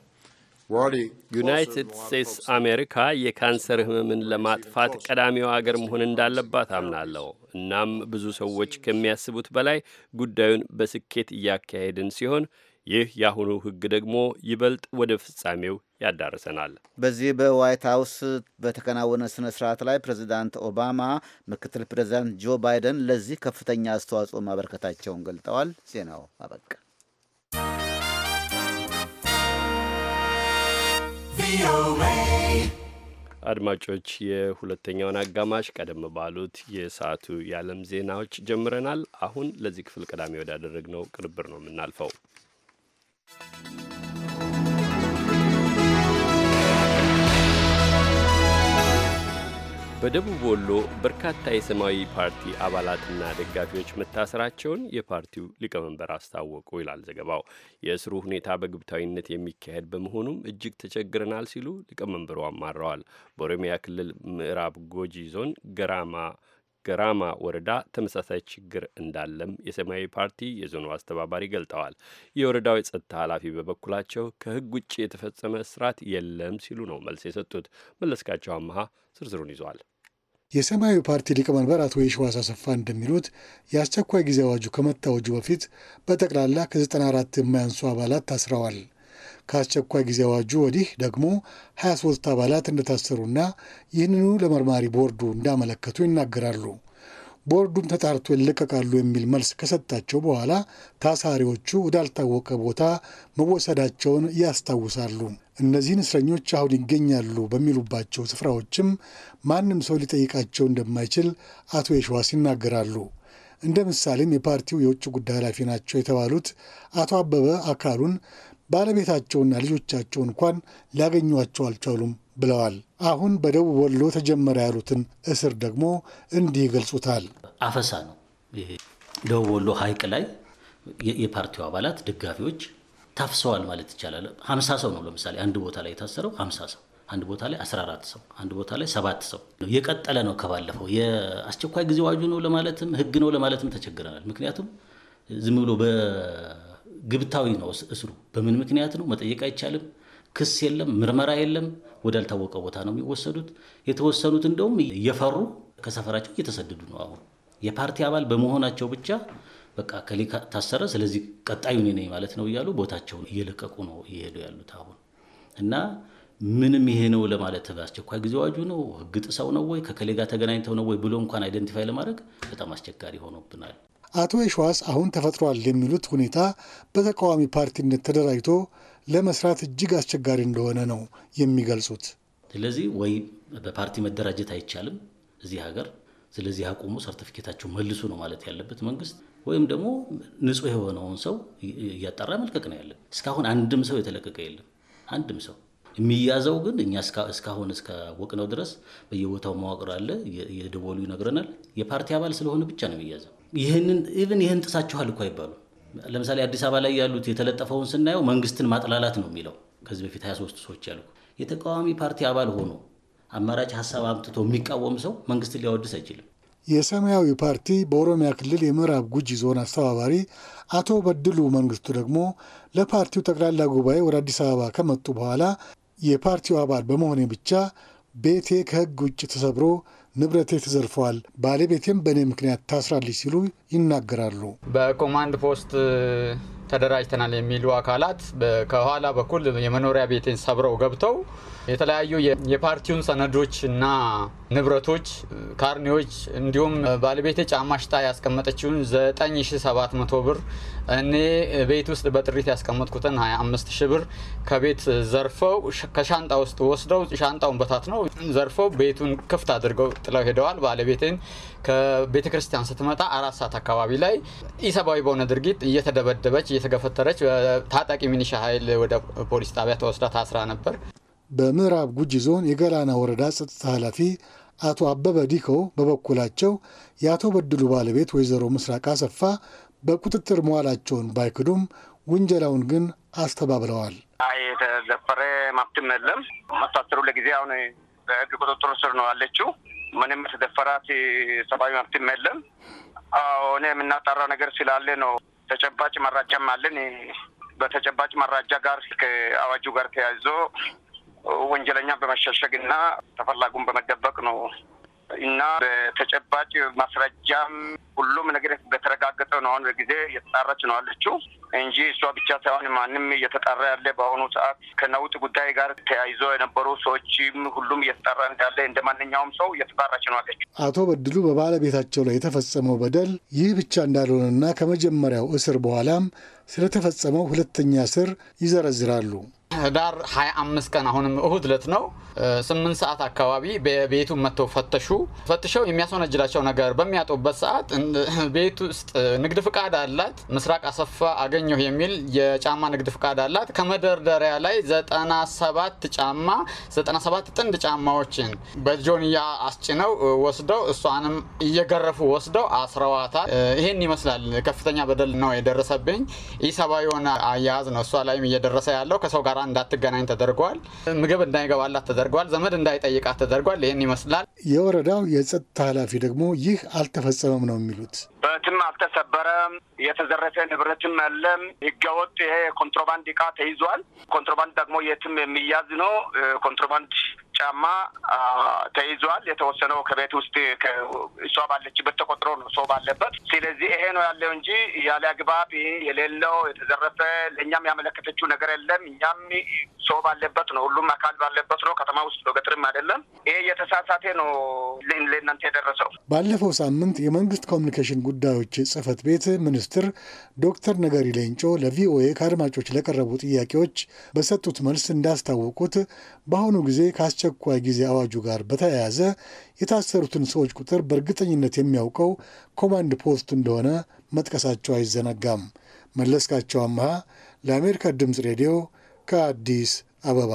ዩናይትድ ስቴትስ አሜሪካ የካንሰር ሕመምን ለማጥፋት ቀዳሚዋ አገር መሆን እንዳለባት አምናለሁ። እናም ብዙ ሰዎች ከሚያስቡት በላይ ጉዳዩን በስኬት እያካሄድን ሲሆን ይህ የአሁኑ ሕግ ደግሞ ይበልጥ ወደ ፍጻሜው ያዳርሰናል። በዚህ በዋይት ሀውስ በተከናወነ ስነ ስርዓት ላይ ፕሬዚዳንት ኦባማ ምክትል ፕሬዚዳንት ጆ ባይደን ለዚህ ከፍተኛ አስተዋጽኦ ማበርከታቸውን ገልጠዋል። ዜናው አበቃ። አድማጮች የሁለተኛውን አጋማሽ ቀደም ባሉት የሰዓቱ የዓለም ዜናዎች ጀምረናል። አሁን ለዚህ ክፍል ቀዳሚ ወዳደረግነው ቅንብር ነው የምናልፈው። በደቡብ ወሎ በርካታ የሰማያዊ ፓርቲ አባላትና ደጋፊዎች መታሰራቸውን የፓርቲው ሊቀመንበር አስታወቁ ይላል ዘገባው። የእስሩ ሁኔታ በግብታዊነት የሚካሄድ በመሆኑም እጅግ ተቸግረናል ሲሉ ሊቀመንበሩ አማረዋል። በኦሮሚያ ክልል ምዕራብ ጎጂ ዞን ገራማ ገራማ ወረዳ ተመሳሳይ ችግር እንዳለም የሰማያዊ ፓርቲ የዞኑ አስተባባሪ ገልጠዋል። የወረዳው የጸጥታ ኃላፊ በበኩላቸው ከህግ ውጭ የተፈጸመ እስራት የለም ሲሉ ነው መልስ የሰጡት። መለስካቸው አመሃ ዝርዝሩን ይዟል። የሰማያዊ ፓርቲ ሊቀመንበር አቶ የሺዋስ አሰፋ እንደሚሉት የአስቸኳይ ጊዜ አዋጁ ከመታወጁ በፊት በጠቅላላ ከ94 የማያንሱ አባላት ታስረዋል። ከአስቸኳይ ጊዜ አዋጁ ወዲህ ደግሞ 23 አባላት እንደታሰሩና ይህንኑ ለመርማሪ ቦርዱ እንዳመለከቱ ይናገራሉ። ቦርዱም ተጣርቶ ይለቀቃሉ የሚል መልስ ከሰጣቸው በኋላ ታሳሪዎቹ ወዳልታወቀ ቦታ መወሰዳቸውን ያስታውሳሉ። እነዚህን እስረኞች አሁን ይገኛሉ በሚሉባቸው ስፍራዎችም ማንም ሰው ሊጠይቃቸው እንደማይችል አቶ የሸዋስ ይናገራሉ። እንደ ምሳሌም የፓርቲው የውጭ ጉዳይ ኃላፊ ናቸው የተባሉት አቶ አበበ አካሉን ባለቤታቸውና ልጆቻቸው እንኳን ሊያገኟቸው አልቻሉም ብለዋል። አሁን በደቡብ ወሎ ተጀመረ ያሉትን እስር ደግሞ እንዲህ ይገልጹታል። አፈሳ ነው። ደቡብ ወሎ ሀይቅ ላይ የፓርቲው አባላት ደጋፊዎች ታፍሰዋል ማለት ይቻላል። ሀምሳ ሰው ነው ለምሳሌ አንድ ቦታ ላይ የታሰረው ሀምሳ ሰው አንድ ቦታ ላይ 14 ሰው አንድ ቦታ ላይ ሰባት ሰው የቀጠለ ነው። ከባለፈው የአስቸኳይ ጊዜ አዋጁ ነው ለማለትም ህግ ነው ለማለትም ተቸግረናል። ምክንያቱም ዝም ብሎ ግብታዊ ነው እስሩ። በምን ምክንያት ነው መጠየቅ አይቻልም። ክስ የለም፣ ምርመራ የለም። ወዳልታወቀ ቦታ ነው የሚወሰዱት። የተወሰኑት እንደውም እየፈሩ ከሰፈራቸው እየተሰደዱ ነው። አሁን የፓርቲ አባል በመሆናቸው ብቻ በቃ ከሌ ታሰረ፣ ስለዚህ ቀጣዩ እኔ ነኝ ማለት ነው እያሉ ቦታቸውን እየለቀቁ ነው እየሄዱ ያሉት አሁን እና ምንም ይሄ ነው ለማለት በአስቸኳይ ጊዜ አዋጁ ነው ህግ ጥሰው ነው ወይ ከከሌ ጋር ተገናኝተው ነው ወይ ብሎ እንኳን አይደንቲፋይ ለማድረግ በጣም አስቸጋሪ ሆኖብናል። አቶ የሸዋስ አሁን ተፈጥሯል የሚሉት ሁኔታ በተቃዋሚ ፓርቲነት ተደራጅቶ ለመስራት እጅግ አስቸጋሪ እንደሆነ ነው የሚገልጹት። ስለዚህ ወይ በፓርቲ መደራጀት አይቻልም እዚህ ሀገር፣ ስለዚህ አቁሙ፣ ሰርቲፊኬታቸው መልሱ ነው ማለት ያለበት መንግስት፣ ወይም ደግሞ ንጹህ የሆነውን ሰው እያጣራ መልቀቅ ነው ያለን። እስካሁን አንድም ሰው የተለቀቀ የለም፣ አንድም ሰው የሚያዘው ግን እኛ እስካሁን እስካወቅነው ድረስ በየቦታው መዋቅር አለ፣ የደወሉ ይነግረናል። የፓርቲ አባል ስለሆነ ብቻ ነው የሚያዘው። ይህንን ኢቭን ይህን ጥሳችኋል እኮ አይባሉ። ለምሳሌ አዲስ አበባ ላይ ያሉት የተለጠፈውን ስናየው መንግስትን ማጥላላት ነው የሚለው። ከዚህ በፊት 23 ሰዎች ያሉ የተቃዋሚ ፓርቲ አባል ሆኖ አማራጭ ሀሳብ አምጥቶ የሚቃወም ሰው መንግስትን ሊያወድስ አይችልም። የሰማያዊ ፓርቲ በኦሮሚያ ክልል የምዕራብ ጉጂ ዞን አስተባባሪ አቶ በድሉ መንግስቱ ደግሞ ለፓርቲው ጠቅላላ ጉባኤ ወደ አዲስ አበባ ከመጡ በኋላ የፓርቲው አባል በመሆኔ ብቻ ቤቴ ከህግ ውጭ ተሰብሮ ንብረቴ ተዘርፈዋል፣ ባለቤቴም በእኔ ምክንያት ታስራለች ሲሉ ይናገራሉ። በኮማንድ ፖስት ተደራጅተናል የሚሉ አካላት ከኋላ በኩል የመኖሪያ ቤቴን ሰብረው ገብተው የተለያዩ የፓርቲውን ሰነዶች እና ንብረቶች፣ ካርኔዎች እንዲሁም ባለቤቴ ጫማ ሽጣ ያስቀመጠችውን 9700 ብር እኔ ቤት ውስጥ በጥሪት ያስቀመጥኩትን 25 ብር ከቤት ዘርፈው ከሻንጣ ውስጥ ወስደው ሻንጣውን በታት ነው ዘርፈው ቤቱን ክፍት አድርገው ጥለው ሄደዋል። ባለቤቴን ከቤተ ክርስቲያን ስትመጣ አራት ሰዓት አካባቢ ላይ ኢሰብአዊ በሆነ ድርጊት እየተደበደበች እየተገፈተረች ታጣቂ ሚኒሻ ኃይል ወደ ፖሊስ ጣቢያ ተወስዳ ታስራ ነበር። በምዕራብ ጉጂ ዞን የገላና ወረዳ ጸጥታ ኃላፊ አቶ አበበ ዲከው በበኩላቸው የአቶ በድሉ ባለቤት ወይዘሮ ምስራቅ አሰፋ በቁጥጥር መዋላቸውን ባይክዱም ውንጀላውን ግን አስተባብለዋል። አይ የተዘፈረ መብትም የለም። መታሰሩ ለጊዜ አሁን በህግ ቁጥጥር ስር ነው ያለችው። ምንም የተደፈራት ሰብአዊ መብትም የለም። ሆነ የምናጣራ ነገር ስላለ ነው። ተጨባጭ መራጃም አለን። በተጨባጭ መራጃ ጋር ከአዋጁ ጋር ተያይዞ ወንጀለኛ በመሸሸግ እና ተፈላጉን በመደበቅ ነው እና በተጨባጭ ማስረጃም ሁሉም ነገር በተረጋገጠ ነው። አሁን ጊዜ እየተጣራች ነው አለችው እንጂ እሷ ብቻ ሳይሆን ማንም እየተጣራ ያለ በአሁኑ ሰዓት ከነውጥ ጉዳይ ጋር ተያይዞ የነበሩ ሰዎችም ሁሉም እየተጣራ እንዳለ እንደ ማንኛውም ሰው እየተጣራች ነው አለችው። አቶ በድሉ በባለቤታቸው ላይ የተፈጸመው በደል ይህ ብቻ እንዳልሆነና ከመጀመሪያው እስር በኋላም ስለተፈጸመው ሁለተኛ እስር ይዘረዝራሉ። ህዳር 25 ቀን አሁንም እሁድ ዕለት ነው ስምንት ሰዓት አካባቢ ቤቱ መጥተው ፈተሹ። ፈትሸው የሚያስወነጅላቸው ነገር በሚያጡበት ሰዓት ቤት ውስጥ ንግድ ፍቃድ አላት ምስራቅ አሰፋ አገኘሁ የሚል የጫማ ንግድ ፍቃድ አላት። ከመደርደሪያ ላይ 97 ጫማ 97 ጥንድ ጫማዎችን በጆንያ አስጭነው ወስደው እሷንም እየገረፉ ወስደው አስረዋታል። ይሄን ይመስላል። ከፍተኛ በደል ነው የደረሰብኝ። ኢሰብአዊ የሆነ አያያዝ ነው እሷ ላይም እየደረሰ ያለው። ከሰው ጋር እንዳትገናኝ ተደርጓል። ምግብ እንዳይገባላት ተደ ተደርጓል። ዘመድ እንዳይጠይቃት ተደርጓል። ይህን ይመስላል። የወረዳው የጸጥታ ኃላፊ ደግሞ ይህ አልተፈጸመም ነው የሚሉት። በትም አልተሰበረም፣ የተዘረፈ ንብረትም ያለም ህገወጥ ይሄ ኮንትሮባንድ እቃ ተይዟል። ኮንትሮባንድ ደግሞ የትም የሚያዝ ነው። ኮንትሮባንድ ጫማ ተይዟል። የተወሰነው ከቤት ውስጥ እሷ ባለችበት ተቆጥሮ ነው ሰው ባለበት። ስለዚህ ይሄ ነው ያለው እንጂ ያለ አግባብ የሌለው የተዘረፈ ለእኛም ያመለከተችው ነገር የለም። እኛም ሰው ባለበት ነው፣ ሁሉም አካል ባለበት ነው። ከተማ ውስጥ ነው፣ ገጠርም አይደለም። ይሄ የተሳሳቴ ነው ለእናንተ የደረሰው። ባለፈው ሳምንት የመንግስት ኮሚኒኬሽን ጉዳዮች ጽህፈት ቤት ሚኒስትር ዶክተር ነገሪ ሌንጮ ለቪኦኤ ከአድማጮች ለቀረቡ ጥያቄዎች በሰጡት መልስ እንዳስታወቁት በአሁኑ ጊዜ ከአስቸኳይ ጊዜ አዋጁ ጋር በተያያዘ የታሰሩትን ሰዎች ቁጥር በእርግጠኝነት የሚያውቀው ኮማንድ ፖስት እንደሆነ መጥቀሳቸው አይዘነጋም። መለስካቸው አምሃ ለአሜሪካ ድምፅ ሬዲዮ ከአዲስ አበባ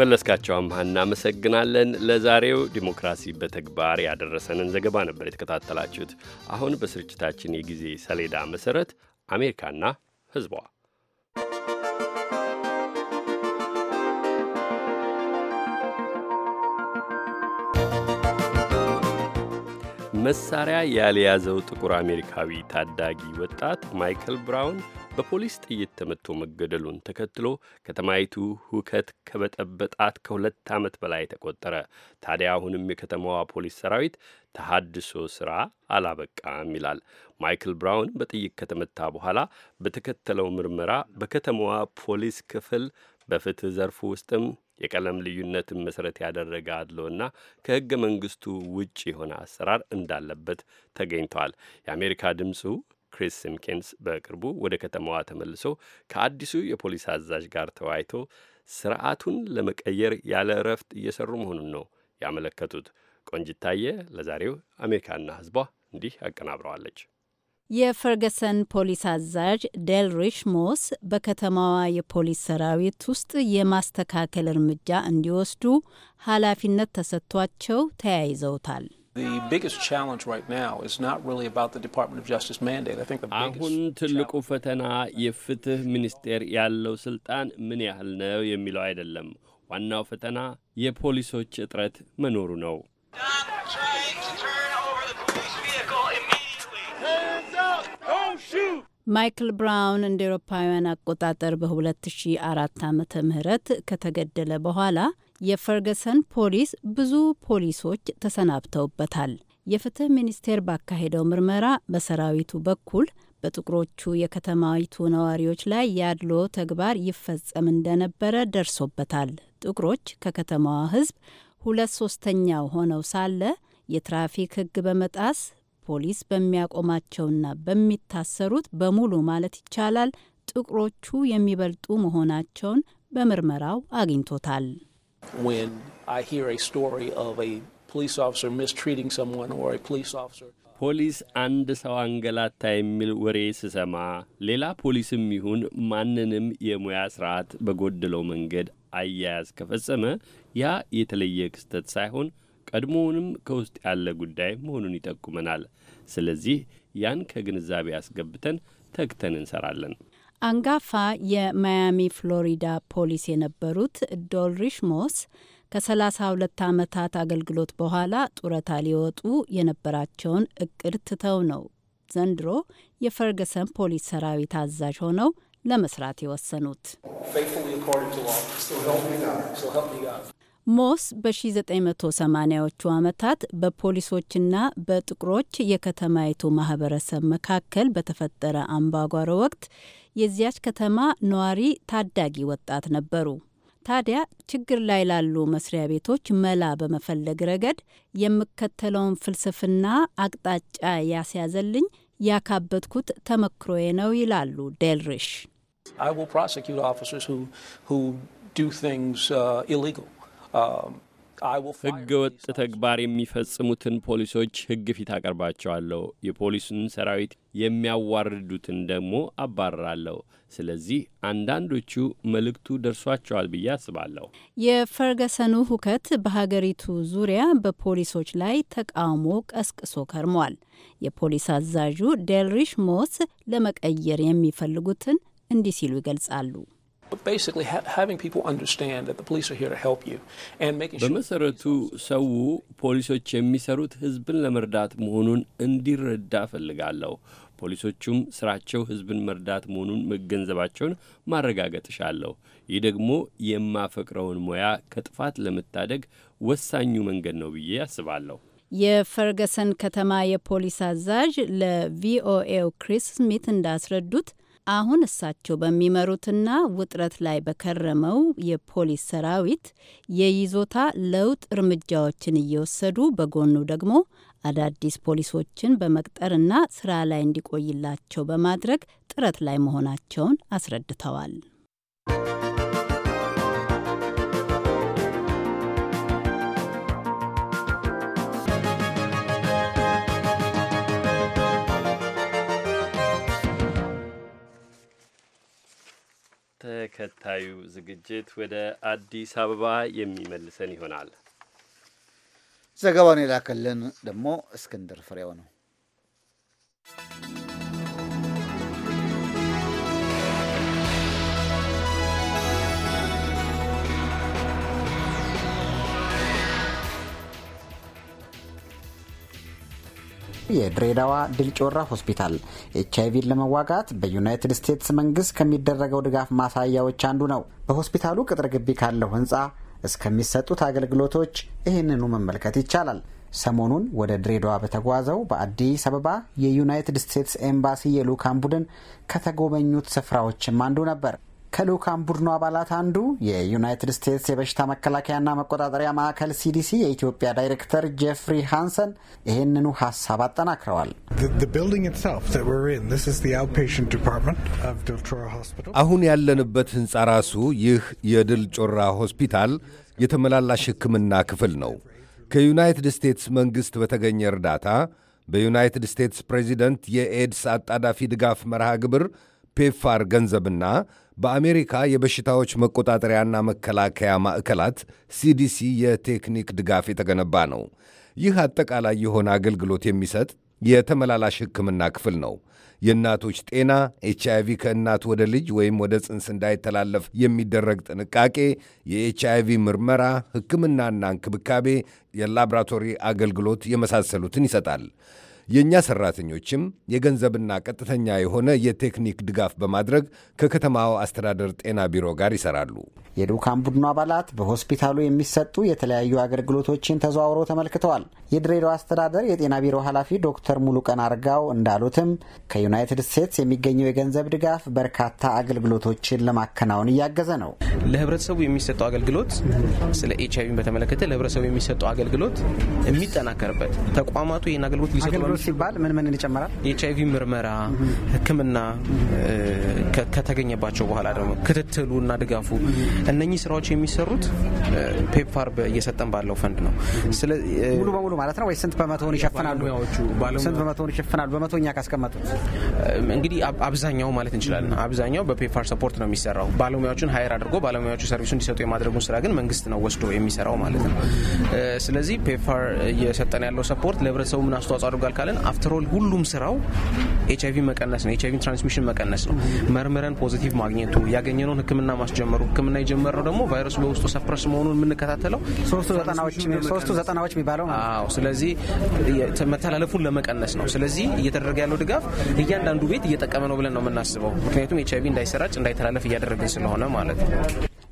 መለስካቸው አምሃ እናመሰግናለን። ለዛሬው ዲሞክራሲ በተግባር ያደረሰንን ዘገባ ነበር የተከታተላችሁት። አሁን በስርጭታችን የጊዜ ሰሌዳ መሰረት አሜሪካና ህዝቧ መሳሪያ ያልያዘው ጥቁር አሜሪካዊ ታዳጊ ወጣት ማይክል ብራውን በፖሊስ ጥይት ተመቶ መገደሉን ተከትሎ ከተማይቱ ሁከት ከበጠበጣት ከሁለት ዓመት በላይ ተቆጠረ። ታዲያ አሁንም የከተማዋ ፖሊስ ሰራዊት ተሃድሶ ስራ አላበቃም ይላል። ማይክል ብራውን በጥይት ከተመታ በኋላ በተከተለው ምርመራ በከተማዋ ፖሊስ ክፍል በፍትህ ዘርፉ ውስጥም የቀለም ልዩነትን መሰረት ያደረገ አድሎና ከህገ መንግስቱ ውጭ የሆነ አሰራር እንዳለበት ተገኝተዋል። የአሜሪካ ድምፁ ክሪስ ሲምኪንስ በቅርቡ ወደ ከተማዋ ተመልሶ ከአዲሱ የፖሊስ አዛዥ ጋር ተወያይቶ ስርዓቱን ለመቀየር ያለ እረፍት እየሰሩ መሆኑን ነው ያመለከቱት። ቆንጅታየ ለዛሬው አሜሪካና ህዝቧ እንዲህ አቀናብረዋለች። የፈርገሰን ፖሊስ አዛዥ ዴልሪሽ ሞስ በከተማዋ የፖሊስ ሰራዊት ውስጥ የማስተካከል እርምጃ እንዲወስዱ ኃላፊነት ተሰጥቷቸው ተያይዘውታል። አሁን ትልቁ ፈተና የፍትህ ሚኒስቴር ያለው ስልጣን ምን ያህል ነው የሚለው አይደለም። ዋናው ፈተና የፖሊሶች እጥረት መኖሩ ነው። ማይክል ብራውን እንደ ኤሮፓውያን አቆጣጠር በ2004 ዓ ምህረት ከተገደለ በኋላ የፈርገሰን ፖሊስ ብዙ ፖሊሶች ተሰናብተውበታል። የፍትህ ሚኒስቴር ባካሄደው ምርመራ በሰራዊቱ በኩል በጥቁሮቹ የከተማዊቱ ነዋሪዎች ላይ ያድሎ ተግባር ይፈጸም እንደነበረ ደርሶበታል። ጥቁሮች ከከተማዋ ህዝብ ሁለት ሶስተኛው ሆነው ሳለ የትራፊክ ህግ በመጣስ ፖሊስ በሚያቆማቸውና በሚታሰሩት በሙሉ ማለት ይቻላል ጥቁሮቹ የሚበልጡ መሆናቸውን በምርመራው አግኝቶታል። ፖሊስ አንድ ሰው አንገላታ የሚል ወሬ ስሰማ ሌላ ፖሊስም ይሁን ማንንም የሙያ ስርዓት በጎደለው መንገድ አያያዝ ከፈጸመ ያ የተለየ ክስተት ሳይሆን ቀድሞውንም ከውስጥ ያለ ጉዳይ መሆኑን ይጠቁመናል። ስለዚህ ያን ከግንዛቤ አስገብተን ተግተን እንሰራለን። አንጋፋ የማያሚ ፍሎሪዳ ፖሊስ የነበሩት ዶልሪሽ ሞስ ከ32 ዓመታት አገልግሎት በኋላ ጡረታ ሊወጡ የነበራቸውን እቅድ ትተው ነው ዘንድሮ የፈርገሰን ፖሊስ ሰራዊት አዛዥ ሆነው ለመስራት የወሰኑት። ሞስ በ1980ዎቹ ዓመታት በፖሊሶችና በጥቁሮች የከተማይቱ ማህበረሰብ መካከል በተፈጠረ አምባጓሮ ወቅት የዚያች ከተማ ነዋሪ ታዳጊ ወጣት ነበሩ። ታዲያ ችግር ላይ ላሉ መስሪያ ቤቶች መላ በመፈለግ ረገድ የምከተለውን ፍልስፍና አቅጣጫ ያስያዘልኝ ያካበትኩት ተመክሮዬ ነው ይላሉ ዴልሪሽ። ህገወጥ um, ወጥ ተግባር የሚፈጽሙትን ፖሊሶች ህግ ፊት አቀርባቸዋለሁ። የፖሊሱን ሰራዊት የሚያዋርዱትን ደግሞ አባርራለሁ። ስለዚህ አንዳንዶቹ መልእክቱ ደርሷቸዋል ብዬ አስባለሁ። የፈርገሰኑ ሁከት በሀገሪቱ ዙሪያ በፖሊሶች ላይ ተቃውሞ ቀስቅሶ ከርሟል። የፖሊስ አዛዡ ዴልሪሽ ሞስ ለመቀየር የሚፈልጉትን እንዲህ ሲሉ ይገልጻሉ። basically having people understand that በመሰረቱ ሰው ፖሊሶች የሚሰሩት ህዝብን ለመርዳት መሆኑን እንዲረዳ እፈልጋለሁ። ፖሊሶቹም ስራቸው ህዝብን መርዳት መሆኑን መገንዘባቸውን ማረጋገጥ እሻለሁ። ይህ ደግሞ የማፈቅረውን ሙያ ከጥፋት ለመታደግ ወሳኙ መንገድ ነው ብዬ አስባለሁ። የፈርገሰን ከተማ የፖሊስ አዛዥ ለቪኦኤው ክሪስ ስሚት እንዳስረዱት አሁን እሳቸው በሚመሩትና ውጥረት ላይ በከረመው የፖሊስ ሰራዊት የይዞታ ለውጥ እርምጃዎችን እየወሰዱ በጎኑ ደግሞ አዳዲስ ፖሊሶችን በመቅጠርና ስራ ላይ እንዲቆይላቸው በማድረግ ጥረት ላይ መሆናቸውን አስረድተዋል። ተከታዩ ዝግጅት ወደ አዲስ አበባ የሚመልሰን ይሆናል። ዘገባውን የላከልን ደግሞ እስክንድር ፍሬው ነው። የድሬዳዋ ድል ጮራ ሆስፒታል ኤች አይቪን ለመዋጋት በዩናይትድ ስቴትስ መንግስት ከሚደረገው ድጋፍ ማሳያዎች አንዱ ነው። በሆስፒታሉ ቅጥር ግቢ ካለው ህንፃ እስከሚሰጡት አገልግሎቶች ይህንኑ መመልከት ይቻላል። ሰሞኑን ወደ ድሬዳዋ በተጓዘው በአዲስ አበባ የዩናይትድ ስቴትስ ኤምባሲ የልዑካን ቡድን ከተጎበኙት ስፍራዎችም አንዱ ነበር። ከልዑካን ቡድኑ አባላት አንዱ የዩናይትድ ስቴትስ የበሽታ መከላከያና መቆጣጠሪያ ማዕከል ሲዲሲ የኢትዮጵያ ዳይሬክተር ጄፍሪ ሃንሰን ይህንኑ ሀሳብ አጠናክረዋል። አሁን ያለንበት ህንፃ ራሱ ይህ የድል ጮራ ሆስፒታል የተመላላሽ ሕክምና ክፍል ነው። ከዩናይትድ ስቴትስ መንግሥት በተገኘ እርዳታ በዩናይትድ ስቴትስ ፕሬዚደንት የኤድስ አጣዳፊ ድጋፍ መርሃ ግብር ፔፋር ገንዘብና በአሜሪካ የበሽታዎች መቆጣጠሪያና መከላከያ ማዕከላት ሲዲሲ የቴክኒክ ድጋፍ የተገነባ ነው። ይህ አጠቃላይ የሆነ አገልግሎት የሚሰጥ የተመላላሽ ሕክምና ክፍል ነው። የእናቶች ጤና፣ ኤች አይቪ ከእናት ወደ ልጅ ወይም ወደ ጽንስ እንዳይተላለፍ የሚደረግ ጥንቃቄ፣ የኤች አይቪ ምርመራ፣ ሕክምናና እንክብካቤ፣ የላብራቶሪ አገልግሎት የመሳሰሉትን ይሰጣል። የእኛ ሰራተኞችም የገንዘብና ቀጥተኛ የሆነ የቴክኒክ ድጋፍ በማድረግ ከከተማው አስተዳደር ጤና ቢሮ ጋር ይሰራሉ። የልዑካን ቡድኑ አባላት በሆስፒታሉ የሚሰጡ የተለያዩ አገልግሎቶችን ተዘዋውሮ ተመልክተዋል። የድሬዳዋ አስተዳደር የጤና ቢሮ ኃላፊ ዶክተር ሙሉቀን አርጋው እንዳሉትም ከዩናይትድ ስቴትስ የሚገኘው የገንዘብ ድጋፍ በርካታ አገልግሎቶችን ለማከናወን እያገዘ ነው። ለህብረተሰቡ የሚሰጠው አገልግሎት ስለ ኤች አይቪን በተመለከተ ለህብረተሰቡ የሚሰጠው አገልግሎት የሚጠናከርበት ተቋማቱ ይህን አገልግሎት ሊሰጡ ቫይረሱ ሲባል ምን ምን ይጨምራል? ኤች አይቪ ምርመራ፣ ህክምና ከተገኘባቸው በኋላ ደግሞ ክትትሉና ድጋፉ እነኚህ ስራዎች የሚሰሩት ፔፕፋር እየሰጠን ባለው ፈንድ ነው። ሙሉ በሙሉ ማለት ነው ወይ ስንት በመቶውን ይሸፍናሉ? ስንት በመቶውን ይሸፍናሉ? በመቶኛ ካስቀመጡት እንግዲህ አብዛኛው ማለት እንችላለን። አብዛኛው በፔፕፋር ሰፖርት ነው የሚሰራው። ባለሙያዎቹን ሀይር አድርጎ ባለሙያዎቹ ሰርቪሱ እንዲሰጡ የማድረጉን ስራ ግን መንግስት ነው ወስዶ የሚሰራው ማለት ነው። ስለዚህ ፔፕፋር እየሰጠን ያለው ሰፖርት ለህብረተሰቡ ምን አስተዋጽኦ አድርጓል? ካልን አፍተሮል ሁሉም ስራው ኤች አይቪ መቀነስ ነው። ኤች አይቪ ትራንስሚሽን መቀነስ ነው። መርምረን ፖዚቲቭ ማግኘቱ፣ ያገኘነውን ህክምና ማስጀመሩ፣ ህክምና የጀመርነው ደግሞ ቫይረሱ በውስጡ ሰፕረስ መሆኑን የምንከታተለው ሶስቱ ዘጠናዎች የሚባለው ነው። ስለዚህ መተላለፉን ለመቀነስ ነው። ስለዚህ እየተደረገ ያለው ድጋፍ እያንዳንዱ ቤት እየጠቀመ ነው ብለን ነው የምናስበው። ምክንያቱም ኤች አይቪ እንዳይሰራጭ እንዳይተላለፍ እያደረግን ስለሆነ ማለት ነው።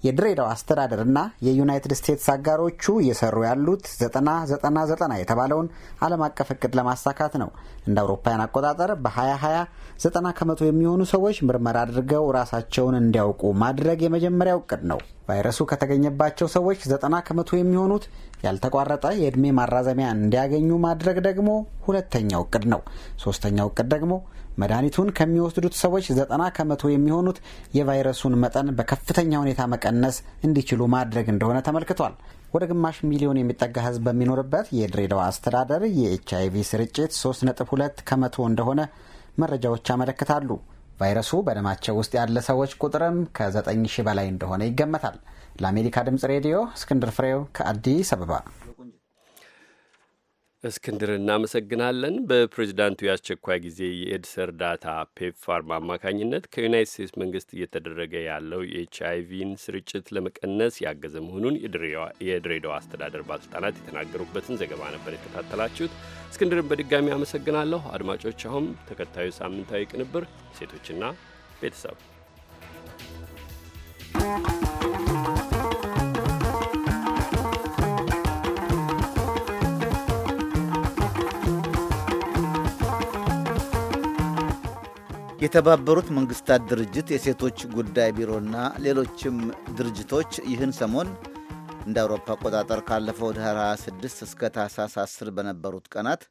አስተዳደር አስተዳደርና የዩናይትድ ስቴትስ አጋሮቹ እየሰሩ ያሉት ዘጠና ዘጠና ዘጠና የተባለውን ዓለም አቀፍ እቅድ ለማሳካት ነው። እንደ አውሮፓውያን አቆጣጠር በ2020 ዘጠና ከመቶ የሚሆኑ ሰዎች ምርመራ አድርገው ራሳቸውን እንዲያውቁ ማድረግ የመጀመሪያው እቅድ ነው። ቫይረሱ ከተገኘባቸው ሰዎች ዘጠና ከመቶ የሚሆኑት ያልተቋረጠ የዕድሜ ማራዘሚያ እንዲያገኙ ማድረግ ደግሞ ሁለተኛው እቅድ ነው። ሶስተኛው እቅድ ደግሞ መድኃኒቱን ከሚወስዱት ሰዎች ዘጠና ከመቶ የሚሆኑት የቫይረሱን መጠን በከፍተኛ ሁኔታ መቀነስ እንዲችሉ ማድረግ እንደሆነ ተመልክቷል። ወደ ግማሽ ሚሊዮን የሚጠጋ ሕዝብ በሚኖርበት የድሬዳዋ አስተዳደር የኤች አይቪ ስርጭት 3.2 ከመቶ እንደሆነ መረጃዎች ያመለክታሉ። ቫይረሱ በደማቸው ውስጥ ያለ ሰዎች ቁጥርም ከ9 ሺህ በላይ እንደሆነ ይገመታል። ለአሜሪካ ድምፅ ሬዲዮ እስክንድር ፍሬው ከአዲስ አበባ እስክንድር እናመሰግናለን። በፕሬዚዳንቱ የአስቸኳይ ጊዜ የኤድስ እርዳታ ፔፕፋርም አማካኝነት ከዩናይት ስቴትስ መንግስት እየተደረገ ያለው የኤች አይቪን ስርጭት ለመቀነስ ያገዘ መሆኑን የድሬዳዋ አስተዳደር ባለስልጣናት የተናገሩበትን ዘገባ ነበር የተከታተላችሁት። እስክንድርን በድጋሚ አመሰግናለሁ። አድማጮች፣ አሁን ተከታዩ ሳምንታዊ ቅንብር ሴቶችና ቤተሰብ የተባበሩት መንግስታት ድርጅት የሴቶች ጉዳይ ቢሮና ሌሎችም ድርጅቶች ይህን ሰሞን እንደ አውሮፓ አቆጣጠር ካለፈው ወደ 26 እስከ ታህሳስ 10 በነበሩት ቀናት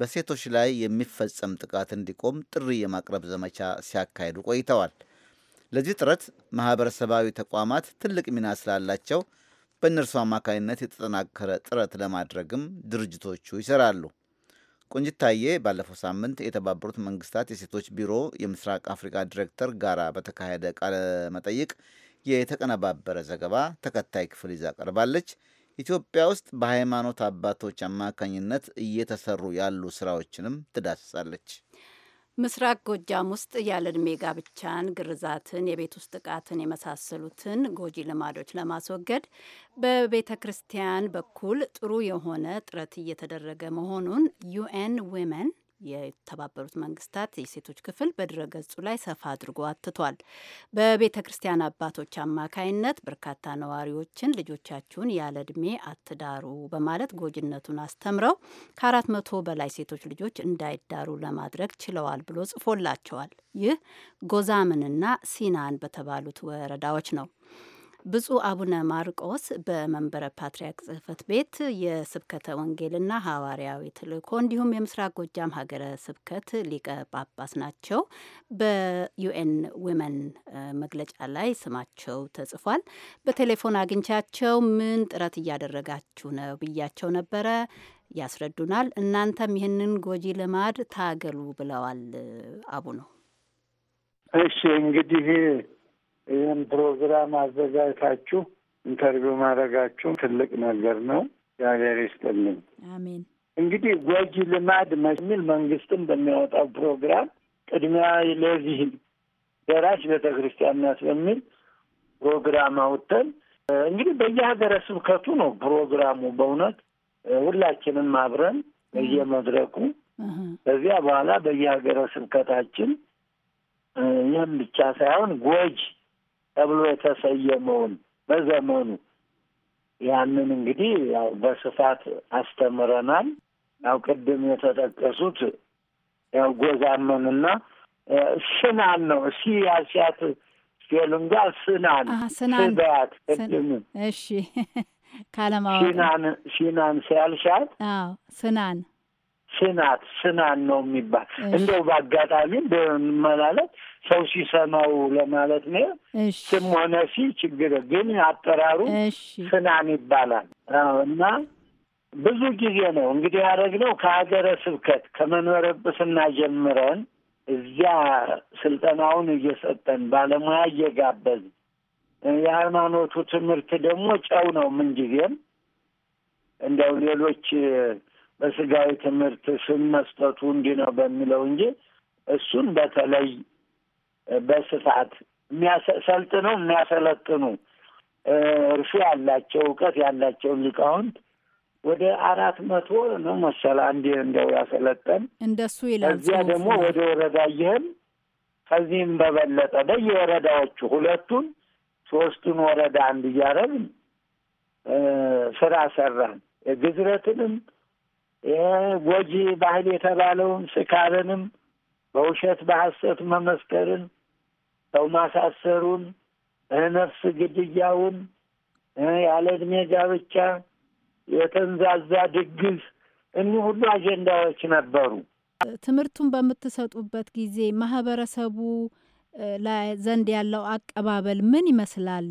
በሴቶች ላይ የሚፈጸም ጥቃት እንዲቆም ጥሪ የማቅረብ ዘመቻ ሲያካሂዱ ቆይተዋል። ለዚህ ጥረት ማኅበረሰባዊ ተቋማት ትልቅ ሚና ስላላቸው በእነርሱ አማካኝነት የተጠናከረ ጥረት ለማድረግም ድርጅቶቹ ይሠራሉ። ቆንጅታዬ ባለፈው ሳምንት የተባበሩት መንግስታት የሴቶች ቢሮ የምስራቅ አፍሪካ ዲሬክተር ጋራ በተካሄደ ቃለ መጠይቅ የተቀነባበረ ዘገባ ተከታይ ክፍል ይዛ ቀርባለች። ኢትዮጵያ ውስጥ በሃይማኖት አባቶች አማካኝነት እየተሰሩ ያሉ ስራዎችንም ትዳስሳለች። ምስራቅ ጎጃም ውስጥ ያለ እድሜ ጋብቻን፣ ግርዛትን፣ የቤት ውስጥ ጥቃትን የመሳሰሉትን ጎጂ ልማዶች ለማስወገድ በቤተ ክርስቲያን በኩል ጥሩ የሆነ ጥረት እየተደረገ መሆኑን ዩኤን ዊመን የተባበሩት መንግስታት የሴቶች ክፍል በድረገጹ ላይ ሰፋ አድርጎ አትቷል። በቤተ ክርስቲያን አባቶች አማካይነት በርካታ ነዋሪዎችን ልጆቻችሁን ያለ እድሜ አትዳሩ በማለት ጎጂነቱን አስተምረው ከአራት መቶ በላይ ሴቶች ልጆች እንዳይዳሩ ለማድረግ ችለዋል ብሎ ጽፎላቸዋል። ይህ ጎዛምንና ሲናን በተባሉት ወረዳዎች ነው። ብፁዕ አቡነ ማርቆስ በመንበረ ፓትርያርክ ጽህፈት ቤት የስብከተ ወንጌልና ሐዋርያዊ ተልእኮ እንዲሁም የምስራቅ ጎጃም ሀገረ ስብከት ሊቀ ጳጳስ ናቸው። በዩኤን ዊመን መግለጫ ላይ ስማቸው ተጽፏል። በቴሌፎን አግኝቻቸው ምን ጥረት እያደረጋችሁ ነው ብያቸው ነበረ። ያስረዱናል። እናንተም ይህንን ጎጂ ልማድ ታገሉ ብለዋል አቡነ። እሺ እንግዲህ ይህም ፕሮግራም አዘጋጅታችሁ ኢንተርቪው ማድረጋችሁ ትልቅ ነገር ነው። እግዚአብሔር ይስጥልኝ። አሜን። እንግዲህ ጎጂ ልማድ የሚል መንግስትም በሚያወጣው ፕሮግራም ቅድሚያ ለዚህ ደራሽ ቤተ ክርስቲያን ናት በሚል ፕሮግራም አውጥተን እንግዲህ በየሀገረ ስብከቱ ነው ፕሮግራሙ። በእውነት ሁላችንም አብረን በየመድረኩ ከዚያ በኋላ በየሀገረ ስብከታችን ይህም ብቻ ሳይሆን ጎጅ ተብሎ የተሰየመውን በዘመኑ ያንን እንግዲህ ያው በስፋት አስተምረናል። ያው ቅድም የተጠቀሱት ያው ጎዛመንና ስናን ነው እሺ ያሲያት ስቴሉንጋ ስናን ስናት ቅድም እሺ፣ ካለማ ሲናን ሲናን ሲያልሻት ስናን ስናት ስናን ነው የሚባል እንደው በአጋጣሚ በመላለት ሰው ሲሰማው ለማለት ነው። ስም ሆነ ሲል ችግር ግን አጠራሩ ስናን ይባላል እና ብዙ ጊዜ ነው እንግዲህ ያደረግነው ከሀገረ ስብከት ከመንበረ ጵጵስና ጀምረን እዚያ ስልጠናውን እየሰጠን ባለሙያ እየጋበዝ የሃይማኖቱ ትምህርት ደግሞ ጨው ነው ምንጊዜም እንደው ሌሎች በስጋዊ ትምህርት ስም መስጠቱ እንዲህ ነው በሚለው እንጂ እሱን በተለይ በስፋት ሰልጥነው የሚያሰለጥኑ እርሱ ያላቸው እውቀት ያላቸውን ሊቃውንት ወደ አራት መቶ ነው መሰል አንዴ እንደው ያሰለጠን እንደሱ ይላል። እዚያ ደግሞ ወደ ወረዳ ይህም ከዚህም በበለጠ በየወረዳዎቹ ሁለቱን ሶስቱን ወረዳ አንድ እያረግን ስራ ሰራን። የግዝረትንም ጎጂ ባህል የተባለውን ስካርንም፣ በውሸት በሐሰት መመስከርን፣ ሰው ማሳሰሩን፣ ነፍስ ግድያውን፣ ያለ ዕድሜ ጋብቻ፣ የተንዛዛ ድግስ እኒህ ሁሉ አጀንዳዎች ነበሩ። ትምህርቱን በምትሰጡበት ጊዜ ማህበረሰቡ ዘንድ ያለው አቀባበል ምን ይመስላል?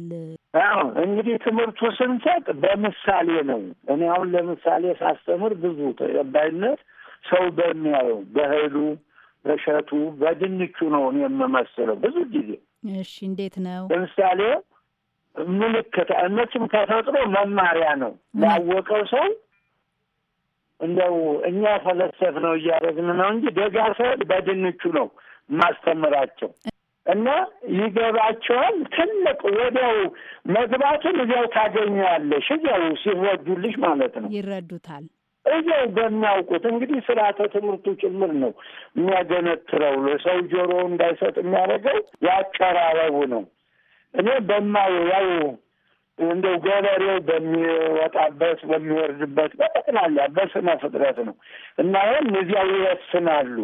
አዎ እንግዲህ ትምህርቱ ስንሰጥ በምሳሌ ነው። እኔ አሁን ለምሳሌ ሳስተምር ብዙ ተቀባይነት ሰው በሚያየው በእህሉ፣ በሸቱ፣ በድንቹ ነው እኔ የምመስለው ብዙ ጊዜ። እሺ እንዴት ነው? ለምሳሌ ምልክት እነሱም ተፈጥሮ መማሪያ ነው ላወቀው ሰው እንደው እኛ ፈለሰፍ ነው እያደረግን ነው እንጂ ደጋ በድንቹ ነው ማስተምራቸው እና ይገባቸዋል። ትልቅ ወዲያው መግባቱን እዚያው ታገኛለሽ። እዚያው ሲረዱልሽ ማለት ነው። ይረዱታል እዚያው በሚያውቁት እንግዲህ ስርዓተ ትምህርቱ ጭምር ነው የሚያገነትረው። ለሰው ጆሮ እንዳይሰጥ የሚያደርገው ያቀራረቡ ነው። እኔ በማየው ያው እንደው ገበሬው በሚወጣበት በሚወርድበት በጠቅላላ በስነ ፍጥረት ነው እና ይህም እዚያው ይወስናሉ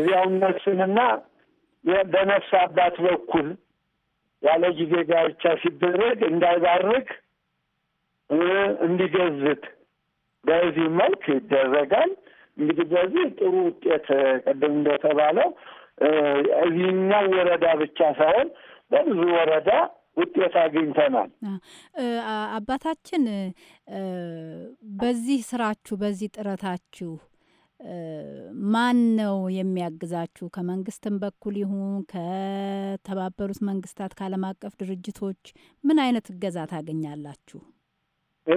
እዚያው እነሱንና በነፍስ አባት በኩል ያለ ጊዜ ጋብቻ ሲደረግ እንዳይባርክ እንዲገዝት በዚህ መልክ ይደረጋል። እንግዲህ በዚህ ጥሩ ውጤት ቅድም እንደተባለው እዚህኛው ወረዳ ብቻ ሳይሆን በብዙ ወረዳ ውጤት አግኝተናል። አባታችን በዚህ ስራችሁ፣ በዚህ ጥረታችሁ ማን ነው የሚያግዛችሁ? ከመንግስትም በኩል ይሁን ከተባበሩት መንግስታት፣ ከአለም አቀፍ ድርጅቶች ምን አይነት እገዛ ታገኛላችሁ?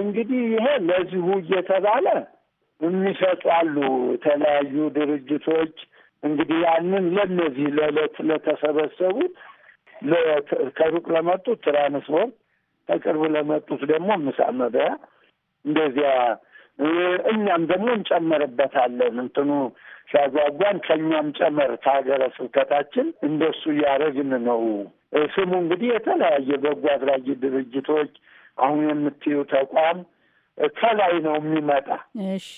እንግዲህ ይሄ ለዚሁ እየተባለ የሚሰጡ አሉ የተለያዩ ድርጅቶች። እንግዲህ ያንን ለነዚህ ለዕለት ለተሰበሰቡት ከሩቅ ለመጡት ትራንስፖርት፣ ከቅርብ ለመጡት ደግሞ ምሳ መበያ እንደዚያ እኛም ደግሞ እንጨመርበታለን እንትኑ ሲያጓጓን ከእኛም ጨመር ከሀገረ ስብከታችን እንደሱ እያደረግን ነው። ስሙ እንግዲህ የተለያየ በጎ አድራጊ ድርጅቶች አሁን የምትዩ ተቋም ከላይ ነው የሚመጣ። እሺ።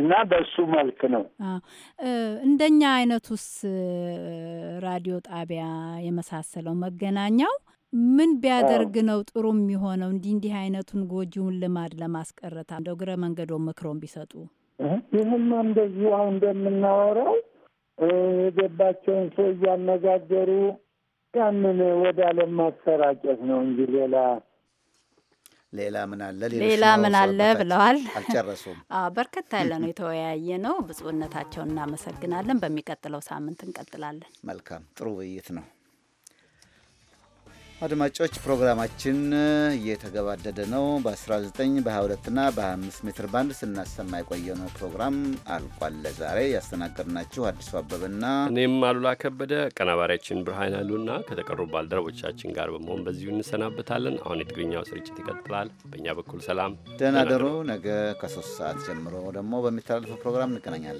እና በሱ መልክ ነው። እንደኛ አይነቱስ ራዲዮ ጣቢያ የመሳሰለው መገናኛው ምን ቢያደርግ ነው ጥሩ የሚሆነው? እንዲህ እንዲህ አይነቱን ጎጂውን ልማድ ለማስቀረት እንደ እግረ መንገዶ ምክሮን ቢሰጡ። ይህም እንደዚሁ አሁን እንደምናወራው የገባቸውን ሰው እያነጋገሩ ያንን ወደ ዓለም ማሰራጨት ነው እንጂ ሌላ ሌላ ምን አለ ሌላ ምን አለ ብለዋል። አልጨረሱም። በርከታ ያለ ነው የተወያየ ነው። ብፁዕነታቸውን እናመሰግናለን። በሚቀጥለው ሳምንት እንቀጥላለን። መልካም ጥሩ ውይይት ነው። አድማጮች ፕሮግራማችን እየተገባደደ ነው። በ19 በ22ና በ25 ሜትር ባንድ ስናሰማ የቆየነው ፕሮግራም አልቋል። ለዛሬ ያስተናገድናችሁ አዲሱ አበበና እኔም አሉላ ከበደ ቀናባሪያችን ብርሃን አሉና ከተቀሩ ባልደረቦቻችን ጋር በመሆን በዚሁ እንሰናበታለን። አሁን የትግርኛው ስርጭት ይቀጥላል። በእኛ በኩል ሰላም፣ ደህና ደሩ። ነገ ከሶስት ሰዓት ጀምሮ ደግሞ በሚተላለፈው ፕሮግራም እንገናኛለን።